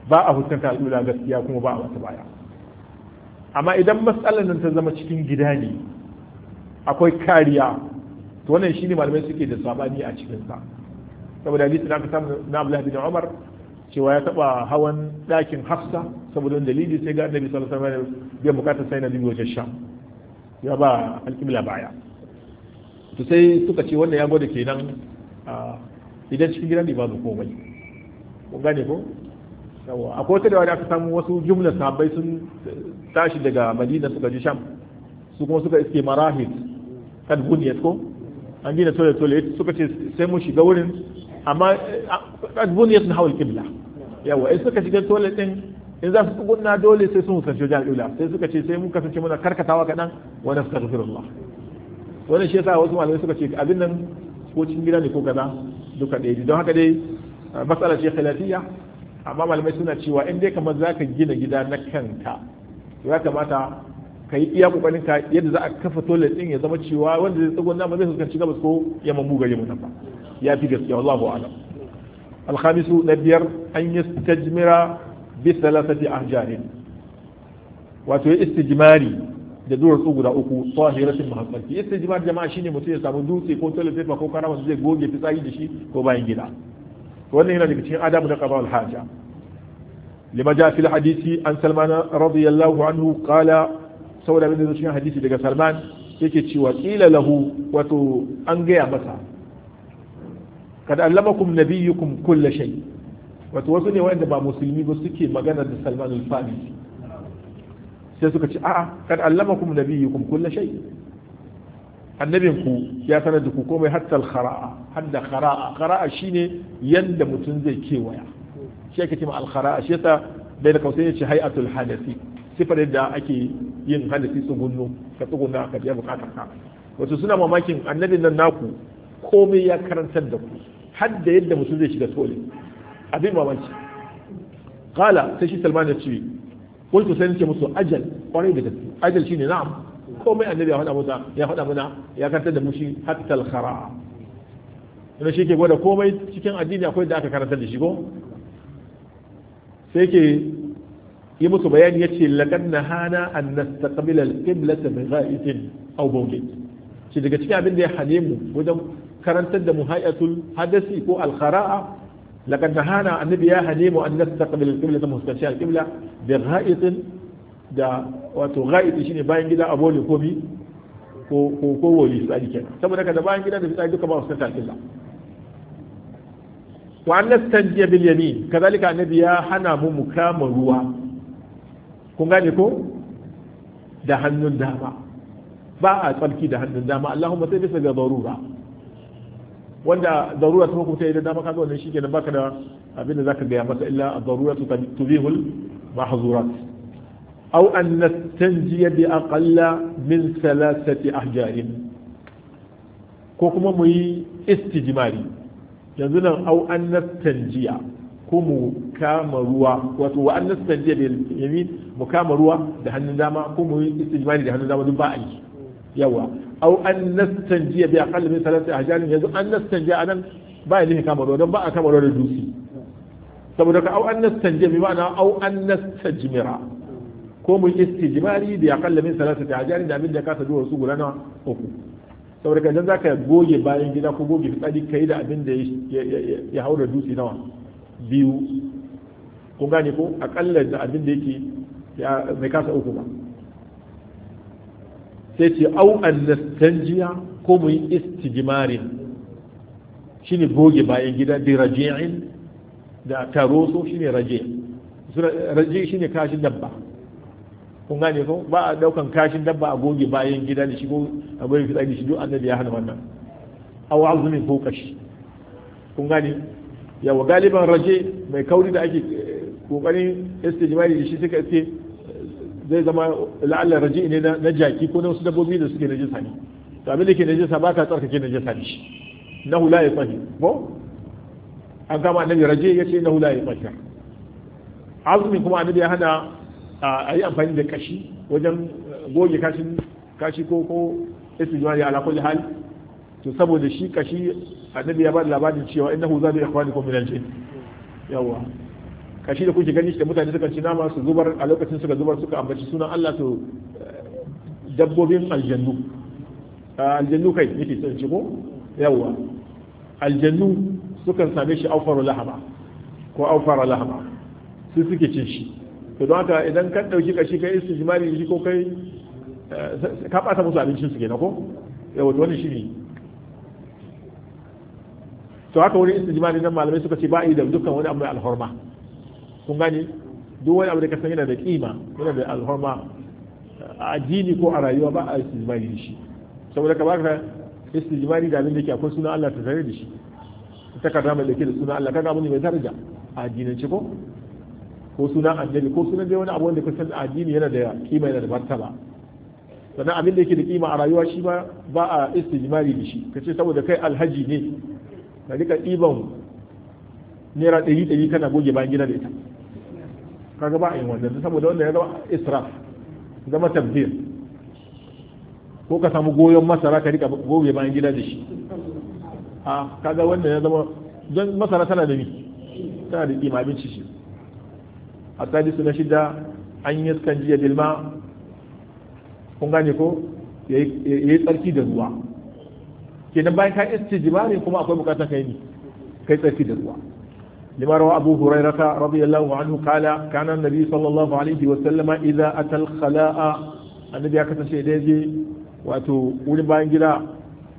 [SPEAKER 1] ba a hukunta al'ula gaskiya kuma ba a wata baya amma idan matsalar nan ta zama cikin gida ne akwai kariya to wannan shine malamai suke da sabani a cikin sa saboda hadisi da aka samu na Abdullah bin Umar cewa ya taba hawan ɗakin hafsa saboda dalili sai ga annabi sallallahu alaihi wasallam bai bukata sai na wajen sha ya ba alƙibla baya to sai suka ce wannan ya gwada kenan idan cikin gidan ne babu komai kun gane ko yawa akwai wata da wani aka samu wasu jumla sahabbai sun tashi daga madina suka je sham su kuma suka iske marahid kan buniyat ko an gina tole tole suka ce sai mun shiga wurin amma buniyat na hawa kibla yawa in suka shiga toilet din in za su tsugunna dole sai sun fuskanci wajen alƙibla sai suka ce sai mun kasance muna karkatawa kaɗan wa nastaghfirullah wannan shi yasa wasu malamai suka ce abin nan ko cikin gida ne ko kaza duka ɗaya don haka dai matsala ce khilafiyya amma malamai suna cewa in dai kamar zaka gina gida na kanka ya kamata ka yi iya kokarin ka yadda za a kafa toilet din ya zama cewa wanda zai tsagon nama zai fuskanci gabas ko yamma mu gari mutum ya fi gaskiya wallahu a'lam alhamisu na biyar an yi stajmira bi salasati ahjarin wato ya istijmari da duwatsu guda uku tahiratin mahabbati istijmar jama'a shine mutum ya samu dutse ko toilet paper ko karama zai goge fitsari da shi ko bayan gida wannan yana daga cikin adabu na qada haja lima ja fil hadisi an salman radiyallahu anhu qala saboda abin da zai cikin hadisi daga Salman yake cewa kila lahu wato an gaya masa kada allamakum nabiyyukum kull shay wato wasu ne wanda ba musulmi ba suke magana da Salman al-Farisi sai suka ce a'a kada allamakum nabiyyukum kull shay annabin ku ya sanar da ku komai hatta al-khara'a hadda khara'a khara'a shine yanda mutum zai kewaya shi ake cewa al-khara'a shi yasa bai da kausai ya ce hay'atul hadisi sifar yadda ake yin halitti gudu ka tsuguna ka biya bukatar ka wato suna mamakin annabin nan naku komai ya karantar da ku har da yadda mutum zai shiga tsole abin mamaki kala sai shi salman ya ce ku sani ce musu ajal kwarai da gaske ajal shine na'am komai annabi ya faɗa mana ya faɗa mana ya karantar da mu shi hatta al-khara ina shi ke gwada komai cikin addini akwai da aka karantar da shi ko sai ke yi musu bayani yace laqad nahana an nastaqbila al-qiblata bi gha'itin aw bawlin shi daga cikin abin da ya hane mu wajen karantar da mu hayatul hadasi ko al-khara'a laqad nahana annabi ya hane mu an nastaqbila al-qiblata mustashi al-qibla bi gha'itin da wato gha'it shine bayan gida a bawlin ko bi ko ko wali su ake kenan saboda kada bayan gida da fitsari duka ba su kanta al-qibla wa an nastanjiya bil yamin kadhalika annabi ya hana mu mukama ruwa kun gane ko da hannun dama ba a tsarki da hannun dama allahumma sai bisa ga zarura wanda zarura ta hukunta idan dama kaga wannan shi kenan baka da abin da zaka gaya masa illa ad ta tubihul mahzurat aw an nastanjiya bi aqalla min thalathati ahjarin ko kuma mu yi istijimari yanzu nan au an nastanjiya ko mu kama ruwa wato wa annas tanjiya bil yamin mu kama ruwa da hannun dama ko mu yi da hannun dama duk ba a yi yawa au annas nastanjiya bi aqall min salati ahjarin yanzu annas nastanjiya anan ba ya ne kama ruwa don ba a kama ruwa da dutse saboda ka au annas nastanjiya bi ma'ana au annas tajmira ko mu yi bi aqall min salati ahjarin da abin da ka tado wasu gurana uku saboda ka zaka goge bayan gida ko goge fitsari kai da abin da ya haura dutse nawa biyu ko gane ko akalla da abin da yake mai kasa uku ba sai ce au an nastanjiya ko mu yi istijmarin shine goge bayan gida bi raji'in da taroso shine raji raji shine kashin dabba kun gane ko ba a daukan kashin dabba a goge bayan gida da shi ko a goge fitsari shi duk annabi ya hana wannan aw azmin ko kashi kun gane yawa galiban raje mai kauri da ake kokarin istijmari da shi suka ce zai zama la'alla raje ne na jaki ko na wasu dabbobi da suke najisa ne to abin da ke najisa ba ka tsarkake najisa ne na hula ya tsahi ko an kama annabi raje ya ce na hula ya tsahi azumi kuma annabi ya hana a yi amfani da kashi wajen goge kashi ko ko istijmari ala kulli hal to saboda shi kashi annabi ya ba da labarin cewa innahu zadu ikhwanikum min al-jinn yawa kashi da kuke gani shi da mutane suka ci nama su zubar a lokacin suka zubar suka ambaci sunan Allah to eh, dabbobin aljannu ah, aljannu kai nake son ci ko yawa aljannu sukan same shi awfaru lahama ko aufara lahama su suke cin shi to don haka idan ka dauki kashi kai istijmari shi ko kai eh, ka bata musu abincin su kenan ko yawa to wannan shi ne to haka wani istijmani nan malamai suka ce ba da dukkan wani abu mai alhorma kun gani duk wani abu da kasan yana da kima yana da alhorma a addini ko a rayuwa ba a istijmani da shi saboda ka baka istijmani da abin da ke akwai sunan Allah ta tare da shi takarda mai dake da sunan Allah kaga abu ne mai daraja a addinance ko ko sunan annabi ko sunan dai wani abu wanda kasan addini yana da kima yana da martaba sannan abin da yake da kima a rayuwa shi ba ba a istijmari da shi kace saboda kai alhaji ne ka rika ɗiban naira ɗari ɗari kana goge bayan gida da ita kaga ba a yin wannan saboda wannan ya zama israf zama tabbir ko ka samu goyon masara ka rika goge bayan gida da shi a kaga wannan ya zama don masara tana da ni tana da ɗima abinci shi a tsari suna shida an yi skan jiya bilma kun gane ko ya yi tsarki da ruwa kenan bayan ka istijmari kuma akwai bukata kai ni kai tsaki da ruwa لما روى أبو هريرة رضي الله عنه قال كان النبي صلى الله عليه وسلم إذا أتى الخلاء النبي أكثر شيء ديجي وأتو ولي باين جدا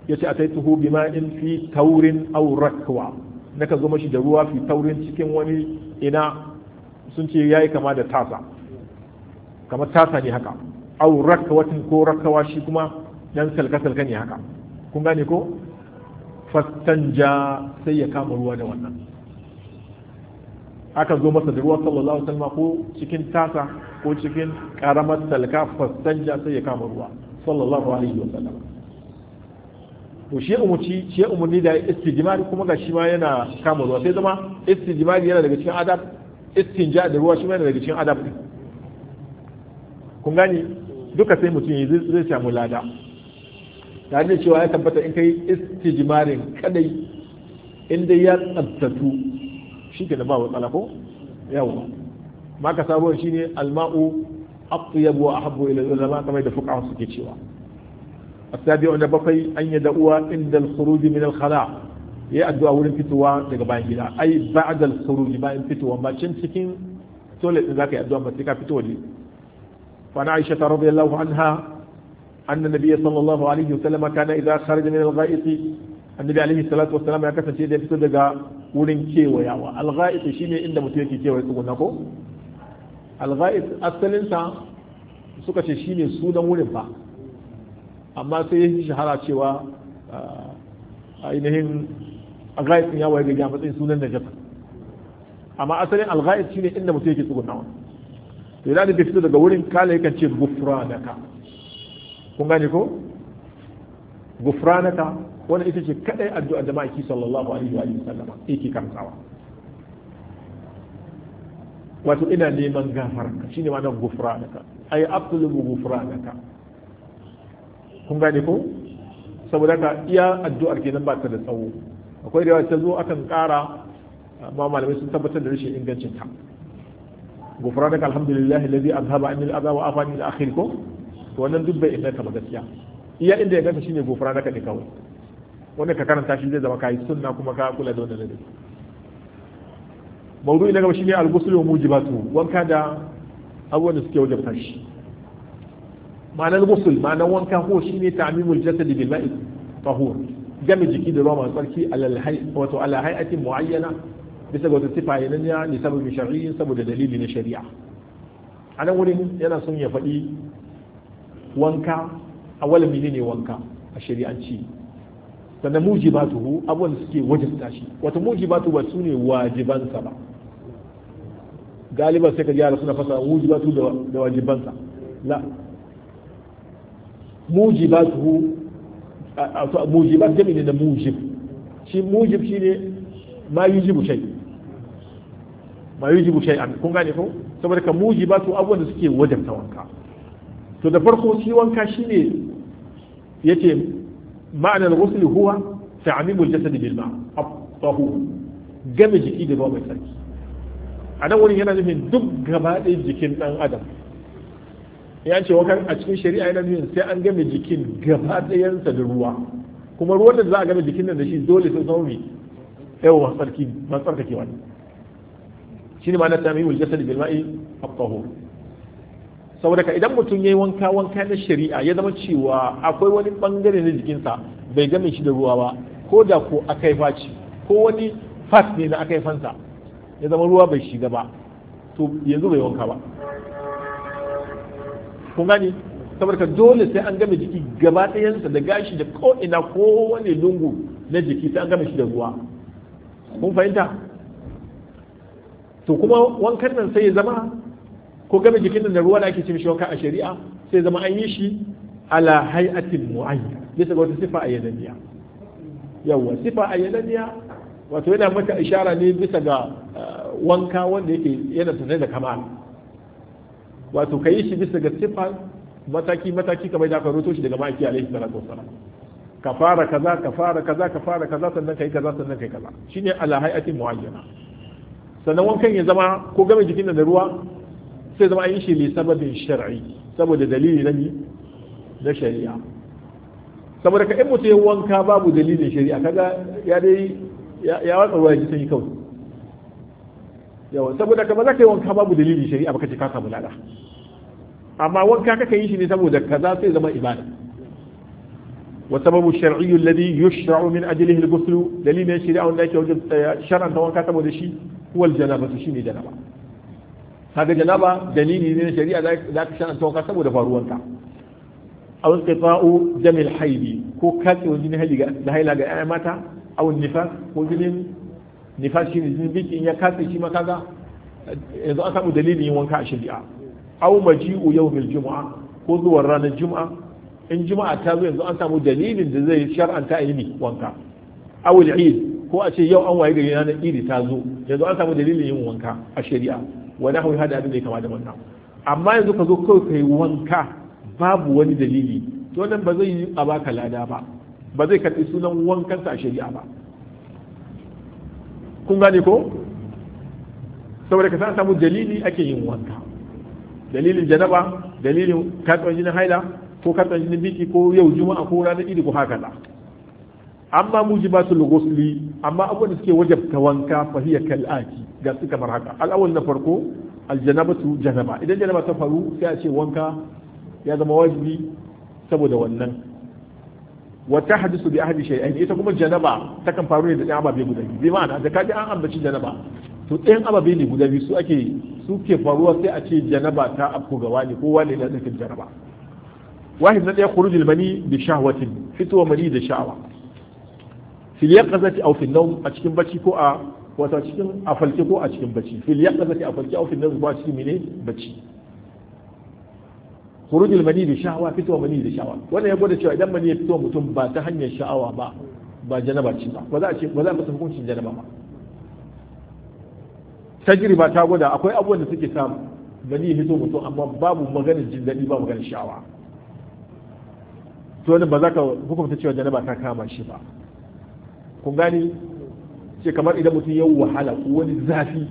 [SPEAKER 1] ya ce a taituhu bima in fi taurin aurakwa na naka zama shi da ruwa fi taurin cikin wani ina sun ce ya yi kama da tasa kamar tasa ne haka aurakwatin ko rakawa shi kuma dan salka-salka ne haka kun gane ko fastanja sai ya kama ruwa da wannan aka zo masa da ruwa sallallahu alaihi wasallam ko cikin tasa ko cikin karamar talka fastanja sai ya kama ruwa sallallahu alaihi wasallam to shi umuci shi umuni da istijmar kuma ga shi ma yana kama ruwa sai zama istijmar yana daga cikin adab istinja da ruwa shi ma yana daga cikin adab kun gani duka sai mutum zai samu lada tare ne cewa ya tabbata in kai istijmarin kadai in dai ya tsabtatu shi ke da ba matsala ko yawa ma ka sabuwar shi ne alma'u atyabu wa ahabbu ila ulama kamar da fuqaha suke cewa asabi wa bakwai an yada uwa inda al-khuruj min al-khala ya addu'a wurin fitowa daga bayan gida ai ba'da al-khuruj bayan fitowa ba cin cikin toilet din zaka yi addu'a ba sai ka fito waje fa na Aisha radiyallahu anha anna nabiyya sallallahu alaihi wasallam kana idza kharaja min al-gha'it annabi alaihi salatu wasallam ya kasance da fito daga wurin kewayawa al-gha'it shine inda mutum yake kewaye tsuguna ko al-gha'it asalin sa shine sunan wurin fa amma sai shahara cewa ainihin al-gha'it ya matsayin sunan najasa amma asalin al shine inda mutum yake tsugunawa to idan bai fito daga wurin kala yakan ce gufranaka kun gane ko gufranaka wannan ita ce kadai addu'a da ma'aiki sallallahu alaihi wa sallama yake karkawa wato ina neman gafarka shine wannan gufranaka ay abdulubu gufranaka kun gane ko saboda ka iya addu'ar kenan ba ta da tsawo akwai da ta zo akan kara amma malamai sun tabbatar da rashin ingancin ta gufranaka alhamdulillah alladhi azhaba anil al-adha wa afani ila akhirih to wannan duk bai inganta ba gaskiya iya inda ya ganta shine gofara na kaɗe kawai wanda ka karanta shi zai zama kayi sunna kuma ka kula da wannan ladabi maudu'i ina gaba shine al-ghusl wa mujibatu wanka da abubuwan da suke wajabta shi ma'anar ghusl ma'anar wanka ko shine ta'mimul jasadi bil ma'i tahur gami, jiki da ruwa masu tsarki wato ala hay'atin muayyana bisa ga wata sifa yananya ne saboda shari'i saboda dalili na shari'a a nan wurin yana son ya faɗi wanka a awal ne wanka a shari'anci sannan hu abuwan suke wajibta shi wata muji ba su ne wajibansa ba galiban sai ka yara suna fasa su da wajibansa la muji ba jami ne na muji shi muji shi ne ma ji shai ma yi ji shai an kun gane ko saboda ka mujibatu abubuwan da suke wajibta wanka to da farko shi wanka shine yace ma'anar ghusl huwa ta'mimul jasad bil ma'a tahu game jiki da ruwa mai tsarki a nan wurin yana nufin duk gaba ɗaya jikin ɗan adam ya ce wakan a cikin shari'a yana nufin sai an game jikin gaba ɗayansa da ruwa kuma ruwan da za a game jikin nan da shi dole sai zama mai yawa matsarki matsarkakewa ne shi ne ma'anar tamimul jasad da bilma at-tahur saboda ka idan mutum ya yi wanka wanka na shari'a ya zama cewa akwai wani bangare na jikinsa bai game shi da ruwa ba ko da ko akai faci ko wani fat ne na akai fansa ya zama ruwa bai shiga ba to yanzu bai wanka ba kun gani saboda dole sai an game jiki gaba ɗayansa da gashi da ko'ina ko wani lungu na jiki sai an game shi da ruwa kun fahimta to kuma wankan nan sai ya zama ko game jikin da ruwa da ake cin shoka a shari'a sai zama an yi shi ala hay'atin mu'ayyan bisa ga wata sifa ayyananniya yawa sifa ayyananniya wato yana mata ishara ne bisa ga uh, wanka wanda yake yana sanar da kamala wato ka yi shi bisa ga sifa mataki mataki kamar da ka roto shi daga ma'aiki alaihi salatu wassalam ka fara kaza ka fara kaza ka fara kaza sannan kai kaza sannan kai kaza shine ala hay'atin mu'ayyana sannan wankan ya zama ko game jikin da ruwa sai zama yin yi shi ne sababin shar'i saboda dalili na na shari'a saboda ka in mutum wanka babu dalilin shari'a kaga ya dai ya watsa ruwa ji yi kawai yawa saboda ka ba za ka yi wanka babu dalilin shari'a baka ce ka samu lada amma wanka kaka yi shi ne saboda kaza sai zama ibada والسبب الشرعي الذي يشرع من أجله الغسل دليل الشريعة أن لا يوجد شرعا سواء كتب هو shi ne جنابة kaga janaba dalili ne na shari'a za ka shan toka saboda faruwanka aw qita'u jamil haidi ko kace jini haila ga haila ga ƴaƴa mata aw nifas ko jinin nifas shi ne jinin biki ya kace shi ma kaga yanzu an samu dalilin yin wanka a shari'a aw maji'u yawmil jumu'a ko zuwan ranar juma'a in juma'a ta zo yanzu an samu dalilin da zai shar'anta yi wanka aw al'id ko a ce yau an waye gari ranar idi ta zo yanzu an samu dalilin yin wanka a shari'a wani hau hada abin da ya kama da wannan amma yanzu ka zo kawai ka yi wanka babu wani dalili to nan ba zai yi a lada ba ba zai karɓi sunan wankansa a shari'a ba kun gane ko saboda ka san samu dalili ake yin wanka dalilin janaba dalilin karɓar jinin haila ko karɓar jinin biki ko yau juma'a ko ranar iri ko haka amma mujibatul ghusli amma abubuwan da suke wajabta wanka fa hiya kal'ati ga su kamar haka al'awal na farko aljanabatu janaba idan janaba ta faru sai a ce wanka ya zama wajibi saboda wannan wata hadisu bi ahadi shay'ain ita kuma janaba ta kan faru ne da ɗan ababe guda biyu bi ma'ana da kaji an ambaci janaba to ɗayan ababe ne guda biyu su ake su ke faruwa sai a ce janaba ta afku ga wani ko wani na ɗakin janaba wahid na ɗaya khurujul mani bi shahwatin fitowa mani da sha'awa fil yaqazati aw fil nawm a cikin bacci ko a wato cikin a falke ko a cikin bacci fil yaqazati a falke aw fil nawm ba a cikin mene bacci khurujul mani bi shahwa fitowa mani bi shahwa wannan ya gwada cewa idan mani ya fito mutum ba ta hanyar sha'awa ba ba janaba ce ba ba za a ce ba za a masa hukuncin janaba ba tajriba ta gwada akwai abubuwan da suke samu mani ya fito mutum amma babu maganar jin daɗi ba maganar sha'awa to ba za ka hukunta cewa janaba ta kama shi ba kun gani ce kamar idan mutum ya wahala ko wani zafi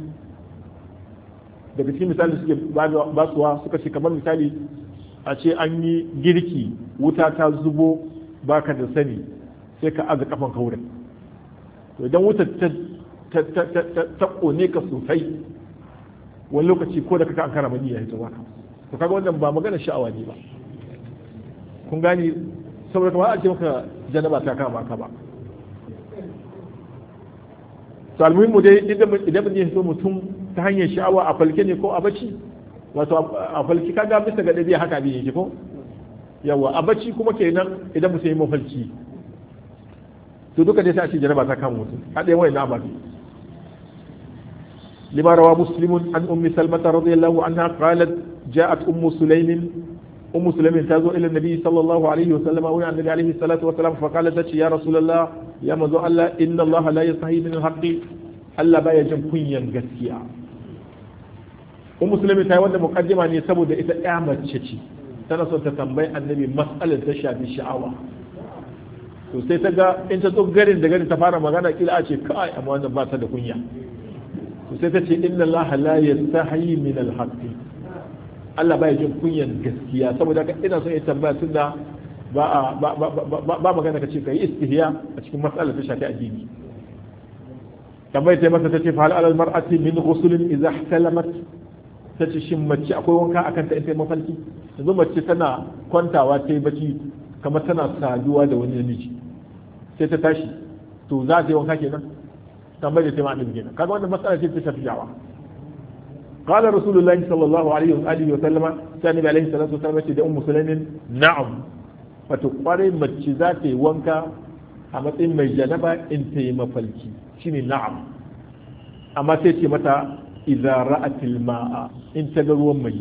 [SPEAKER 1] daga cikin misali suke basuwa suka ce kamar misali a ce an yi girki wuta ta zubo baka da sani sai ka aza kafan kaurin to idan wuta ta kone ka sosai wani lokaci ko da kaka an kara mani ya hito baka to kaga wannan ba magana sha'awa ne ba kun gani saboda kamar a ce maka janaba ta kama ka ba to mu dai idan mun yi so mutum ta hanyar sha'awa a falke ne ko a bacci wato a falki kaga bisa ga dai haka bi yake ko yawa a bacci kuma kenan idan mutum yi mafalki to duka dai sai a ce jaraba ta kama mutum a ɗaya wayan amal lima rawa muslimun an ummi salmata radiyallahu anha qalat ja'at ummu sulaimin أم سلمة تازو إلى النبي صلى الله عليه وسلم ويا النبي عليه الصلاة والسلام فقالت يا رسول الله يا مزو الله إن الله لا يستحي من الحق ألا با يجن كنيا غسكيا أم سلمة تاي wannan muqaddima ne saboda ita ƴa mace ce tana so ta tambayi annabi matsalar ta shafi sha'awa to sai ta ga in ta zo garin da garin ta fara magana kila a ce kai amma wannan ba ta da kunya to sai ta ce inna allaha la yastahi min al Allah baya jin kunyan gaskiya saboda ka ina son ya tambaya tunda ba ba magana ka ce ka yi istihya a cikin matsalar ta shafi addini tambayi ta masa ta ce fa alal mar'ati min ghusulin idza ihtalamat ta ce shin mace akwai wanka akan ta ita mafarki yanzu mace tana kwantawa ta yi bacci kamar tana saduwa da wani namiji sai ta tashi to za ta yi wanka kenan tambayi ta ma annabi kenan kaga wannan matsala ce ta shafi jawa qala rasulullahi sallallahu alaihi wa alihi wa sallama sai annabi alaihi salatu wasallam na'am wato kwarai mace za yi wanka a matsayin mai janaba in ta yi mafalki shine na'am amma sai ce mata idza ra'atil ma'a in ta ga ruwan mai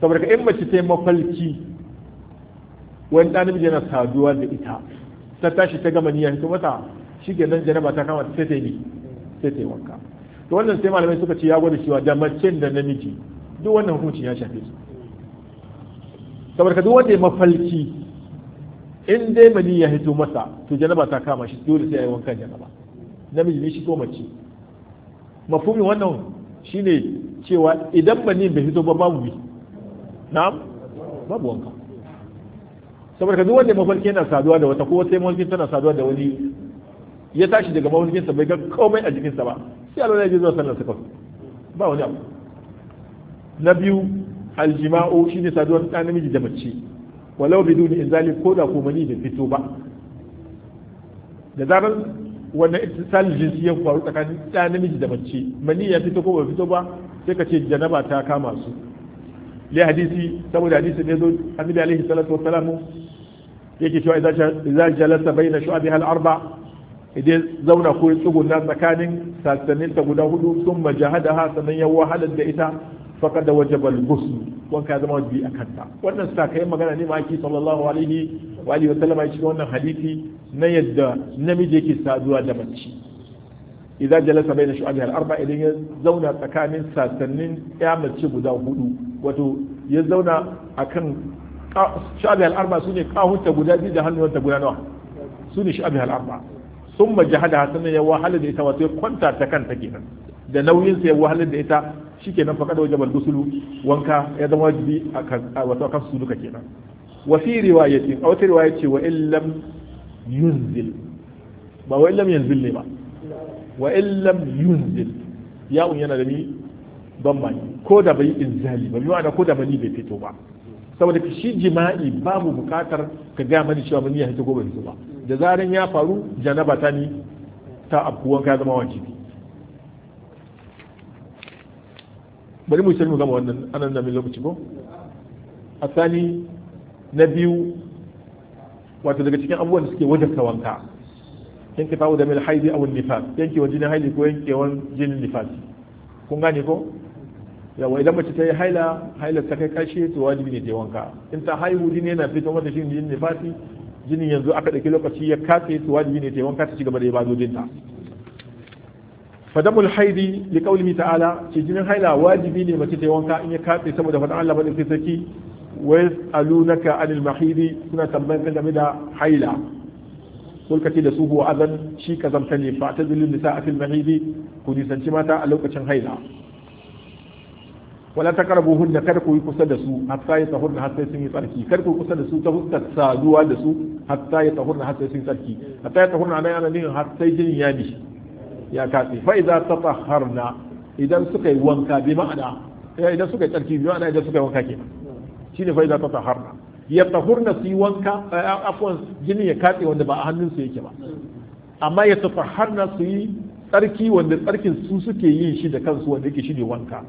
[SPEAKER 1] saboda in mace ta yi mafalki wani ɗan yana saduwa da ita ta tashi ta gama niyyar janaba ta kama sai sai ta yi wanka to wannan sai malamai suka ce ya gwada cewa da mace da namiji duk wannan hukuncin ya shafe su saboda duk wanda ya mafalki in dai mani ya hito masa to janaba ta kama shi dole sai ya yi wankan janaba namiji ne shi ko mace mafumin wannan shine cewa idan mani bai hito ba babu bi na'am babu wanka saboda duk wanda ya mafalki yana saduwa da wata ko sai mafalki tana saduwa da wani ya tashi daga mafarkin bai ga komai a jikinsa ba sai alwala yake zuwa sallar takwas ba wani abu na biyu aljima'u shine saduwar ɗan namiji da mace bi biduni inzali ko da ko mani da fito ba da zarar wannan ittisal jinsi ya faru tsakanin ɗa namiji da mace ni ya fi ko ba fi ba sai ka ce janaba ta kama su li hadisi saboda hadisi ne zo annabi alayhi salatu wassalam yake cewa idan jalasa bayna shu'abiha al-arba' idan zauna ko ya tsuguna tsakanin sassanin ta guda hudu sun majahada ha sannan ya wahalar da ita faqad wajaba al-ghusl wanka zama wajibi a kanta wannan sa kai magana ne maki sallallahu alaihi wa alihi wa sallam ya cikin wannan hadisi na yadda namiji yake saduwa da mace idan jalasa baina shu'abiha al-arba idan ya zauna tsakanin sassanin ya mace guda hudu wato ya zauna akan shu'abiha al-arba sune kahunta guda biyu da hannuwanta guda nawa sune shu'abiha al-arba sun maji hada sannan ya wahala da ita wato ya kwanta ta kanta kenan da sa ya wahala da ita shi nan faƙa da wajabar gusulu wanka ya zama wajibi a wato akan su duka kenan wa fi riwayatin a wata riwaya ce wa illam yunzil ba wa illam yanzil ne ba wa illam yunzil un yana da ni ban ma ko da bai inzali ba ma'ana ko da bani bai fito ba saboda shi jima'i babu bukatar ka ga mani cewa mani ya fito ko bai fito ba da zaran ya faru janaba ta ni ta afkuwan ka zama wajibi bari mu yi mu gama wannan anan da min lokaci ko tsani na biyu wato daga cikin abubuwan da suke wajen wanka yanke fawo da mil haidi wani nifas yanke wa jinin haidi ko yanke wa jinin nifas kun gane ko yawa idan mace ta yi haila haila ta kai kashe to wajibi ne ta wanka in ta haihu jini yana fito mata shi jinin nifasi jinin yanzu aka ɗauki lokaci ya kasa su wajibi ne tayi wanka ta ci gaba da ibadojin ta fadamul haidi li qawlihi ta'ala ce jinin haila wajibi ne mace ta wanka in ya kasa saboda fadan Allah bane sai saki wa yasalunaka anil mahidi suna tambayan kan game da haila kulka ce da su huwa azan shi kazamta ne fa tazilun nisa fil mahidi ku nisanci mata a lokacin haila wala hunna kada ku yi kusa da su hatta ya tahurna hatta sun yi tsarki kada ku kusa da su ta fuskar saduwa da su hatta ya tahurna hatta sun yi tsarki hatta ya tahurna nan yana nihin hatta jin ya bi ya katse fa idza tatahharna idan suka yi wanka bi ma'ana eh, idan suka yi tsarki bi ma'ana idan suka yi wanka ke shine fa idza tatahharna ya tahurna su yi wanka eh, afwan jini ya katse wanda ba a hannunsu yake ba amma ya tatahharna su yi tsarki wanda tsarkin su suke yin shi da kansu wanda yake shi ne wanka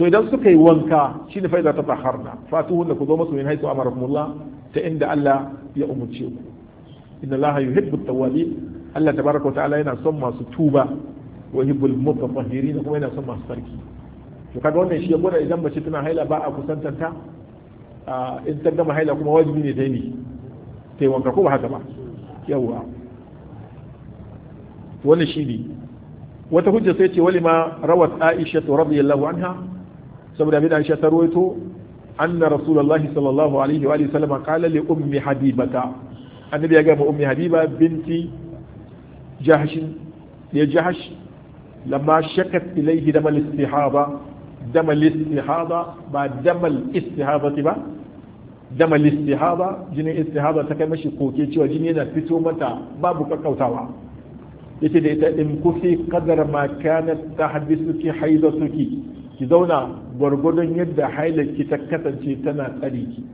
[SPEAKER 1] to idan suka yi wanka shine tsakar na tatahharna da ku zo masu yin min haitu amarakumullah ta inda Allah ya umarci ku inna Allah yuhibbu at tawali Allah ta wa ta'ala yana son masu tuba wa fahiri mutatahhirin kuma yana son masu sarki to kaga wannan shi ya gwada idan mace tana haila ba a kusantanta in ta gama haila kuma wajibi ne ta yi ta yi wanka ko ba haka ba yawwa wannan shi ne wata hujja sai ce walima rawat aisha radiyallahu anha saboda abin Aisha ta rawaito anna rasulullahi sallallahu alaihi wa sallam qala li ummi habibata annabi ya ga ma ummi habiba binti jahsh ya jahsh lamma shakat ilayhi damal istihaba damal istihaba ba damal istihabati ba damal istihaba jinin istihaba ta kai mashi koke cewa jini yana fito mata babu kakkautawa yace da ita in kufi qadar ma kanat tahdisuki haidatuki ki zauna gwargwadon yadda hailarki ta kasance tana tsari ki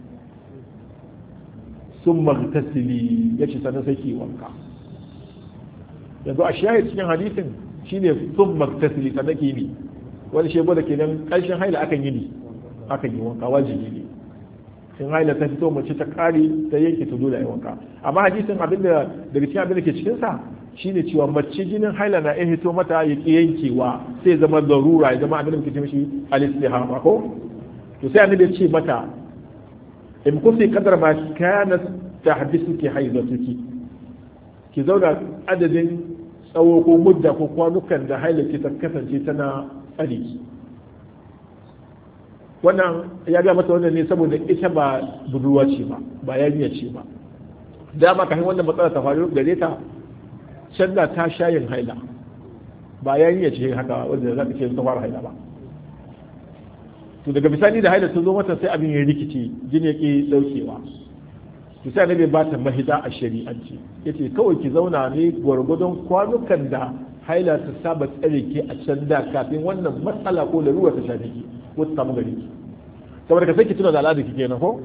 [SPEAKER 1] sun magtasili ya ce sannan sai ki wanka yanzu a shahid cikin hadisin shine sun magtasili sannan ki ne wani shebo da kenan ƙarshen haila akan yi ne akan yi wanka wajibi ne in haila ta fito mace ta kare ta yanke ta dole a yi wanka amma hadisin abinda daga cikin abinda ke cikinsa shine cewa mace jinin haila na iya hito mata ya yankewa sai zama zarura ya zama abinda da muke mishi al-istihara ko to sai annabi ya ce mata in sai kadar ma kanat tahdisuki haidatuki ki zauna adadin tsawo ko mudda ko kwanukan da haila ke ta kasance tana tsariki wannan ya ga mata wannan ne saboda ita ba budurwa ce ba ba yarinya ce ba dama kafin wannan matsala ta faru gare ta canza ta shayin haila ba ya yi ce haka wanda za ka ce sun fara haila ba to daga bisani da haila sun zo mata sai abin ya rikici jini yake daukewa to sai annabi ba ta mahida a shari'anci yace kawai ki zauna ne gwargwadon kwanukan da haila ta saba tsare ke a can da kafin wannan matsala ko laruwa ta sha ki ko ta samu gari ki saboda ka sai ki tuna da al'ada kike na ko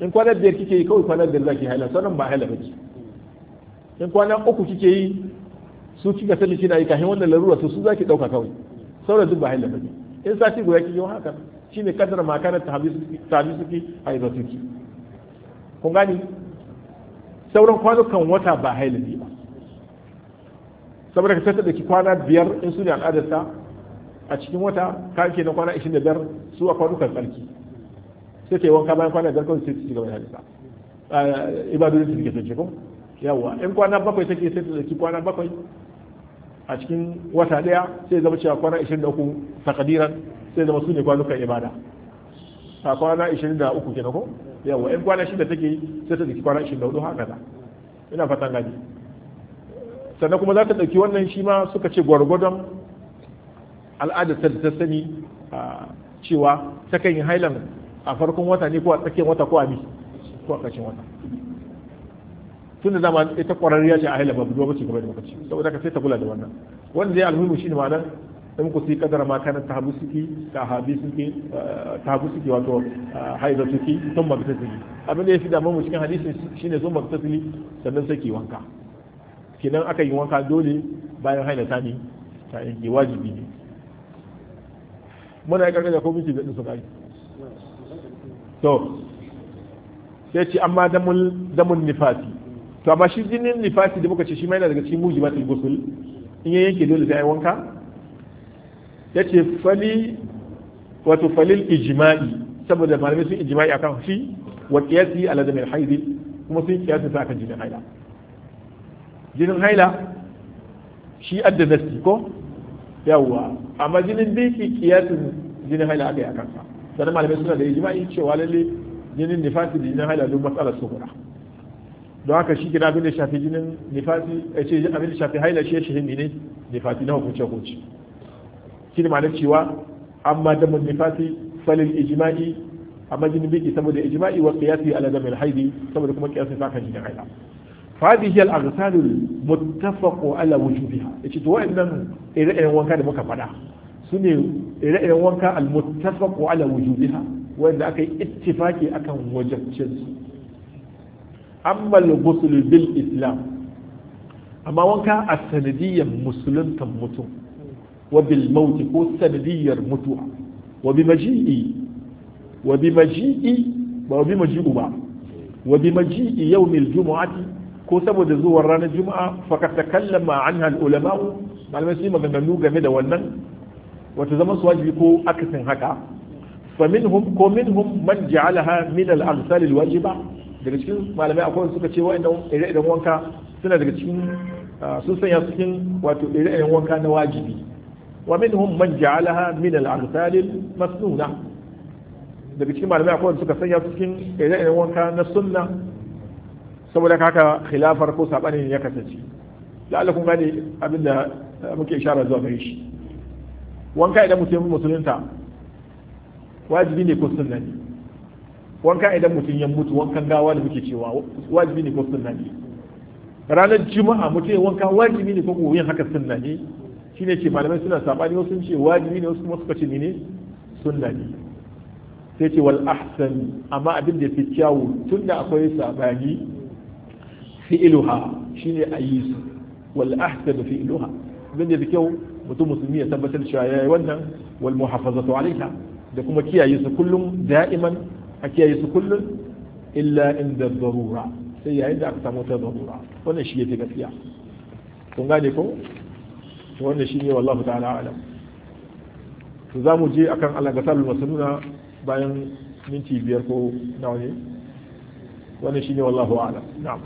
[SPEAKER 1] in kwanar biyar kike yi kawai kwanar biyar zaki haila sanan ba haila bace in kwana uku kike yi su kika sani kina yi kafin wannan larura to su zaki dauka kawai sauran duk ba da bane in sati guda kike haka shine ai ba su ki kun gani sauran kwanukan wata ba hin da ba saboda ka tattaba ki kwana biyar in su ne al'adarsa a cikin wata ka ke na kwana 25 su a kwanukan tsarki sai ta yi wanka bayan kwana biyar kawai sai ta ci da hadisa eh, ibadodin su suke sun ce ko yawwa in kwana bakwai take sai ta zaki kwana bakwai a cikin wata daya sai zama cewa kwana 23 takadiran sai zama su ne kwanukan ibada a kwana 23 kenan ko yawa in kwana shida take sai ta jiki kwana 24 haka da ina fatan gani sannan kuma za ta ɗauki wannan shi ma suka ce gwargwadon al'adar ta ta sani cewa takan yi hailan a farkon wata ne ko a tsakiyar wata ko a bi ko a ƙarshen wata tun da dama ita kwararriya ce a haila ba buduwa bace bai da muka saboda ka sai ta kula da wannan wanda dai ne ma nan in ku sai kadara ma kana ta habu suke ta habi suke eh, ta habu suke wato eh, haida suke sun ba ta suke abin da ya fi damar mu cikin hadisin ne sun ba ta suke sannan sai ke wanka kenan aka yi wanka dole bayan haila ta ne ta yanke wajibi ne muna yi karkata ko minti da su kai to sai ce amma damun nifasi to amma shi jinin nifasi da muka ce shi mai daga cikin al ghusl in ya yanke dole sai wanka yace fali wato falil ijma'i saboda malamai sun ijma'i akan shi wa qiyasi ala dam al hayd kuma sun qiyasi sa akan jinin haila jinin haila shi adda nasti ko yawa amma jinin biki qiyasin jinin haila akai akan sa sannan malamai suna da ijma'i cewa lalle jinin nifasi da jinin haila duk matsalar sukura don haka shi gina abin da shafi jinin nifasi a eh, ce abin da shafi haila shi ya shahin ne nifasi na hukunce hukunci shi ne ma'anar cewa amma damin nifasi falil ijima'i amma jinin biki saboda ijima'i wa qiyasi ala damin haidi saboda kuma qiyasi sa kan jinin haila fadihi al-aghsal muttafaqu ala wujubiha yace to wa'annan ire-iren wanka da muka faɗa sune ire-iren wanka al-muttafaqu ala wujubiha wanda aka yi ittifaki akan wajibcin su amma al bil islam amma wanka a sanadiyar musuluntan mutum wa bil mauti ko sanadiyyar mutuwa wa bi maji'i wa bi maji'i ba bi maji'u ba wa bi maji'i yawmil jumu'ati ko saboda zuwan ranar juma'a faqad takallama anha ulama malamai sun maganganu game da wannan wata zama su wajibi ko akasin haka fa minhum ko minhum man ja'alaha min al amsal al wajiba daga cikin malamai akwai suka ce wa'annan ire-iren wanka suna daga cikin ah, sun sanya cikin wato ire-iren wanka na wajibi wa hum man ja'alaha min al-aghsal masnuna daga cikin malamai akwai suka sanya cikin ire-iren wanka na sunna saboda haka khilafar ko ne ya kasance Allah kun gane abinda muke ishara zuwa gare shi wanka idan mutum musulunta wajibi ne ko sunna ne wanka idan mutum ya mutu wankan gawa da muke cewa wajibi ne ko sunna ne ranar juma'a mutum ya wanka wajibi ne ko ko yin haka sunna ne shine ce malamai suna sabani wasu ce wajibi ne wasu kuma suka ce ne sunna ne sai ce wal ahsan amma abin da fi kyawu tunda akwai sabani fi'iluha shine ayi su wal ahsan fi'iluha abin da fi kyau mutum musulmi ya tabbatar cewa yayi wannan wal muhafazatu alaiha da kuma kiyaye su kullum da'iman a kiyaye su kullum illa inda darura sai yayin da aka samu ta darura wannan shi yake gaskiya kun gane ko wannan shi ne wallahu ta'ala alam to za mu je akan alagasalul masaluna bayan minti biyar ko nawa ne wannan shi ne wallahu alam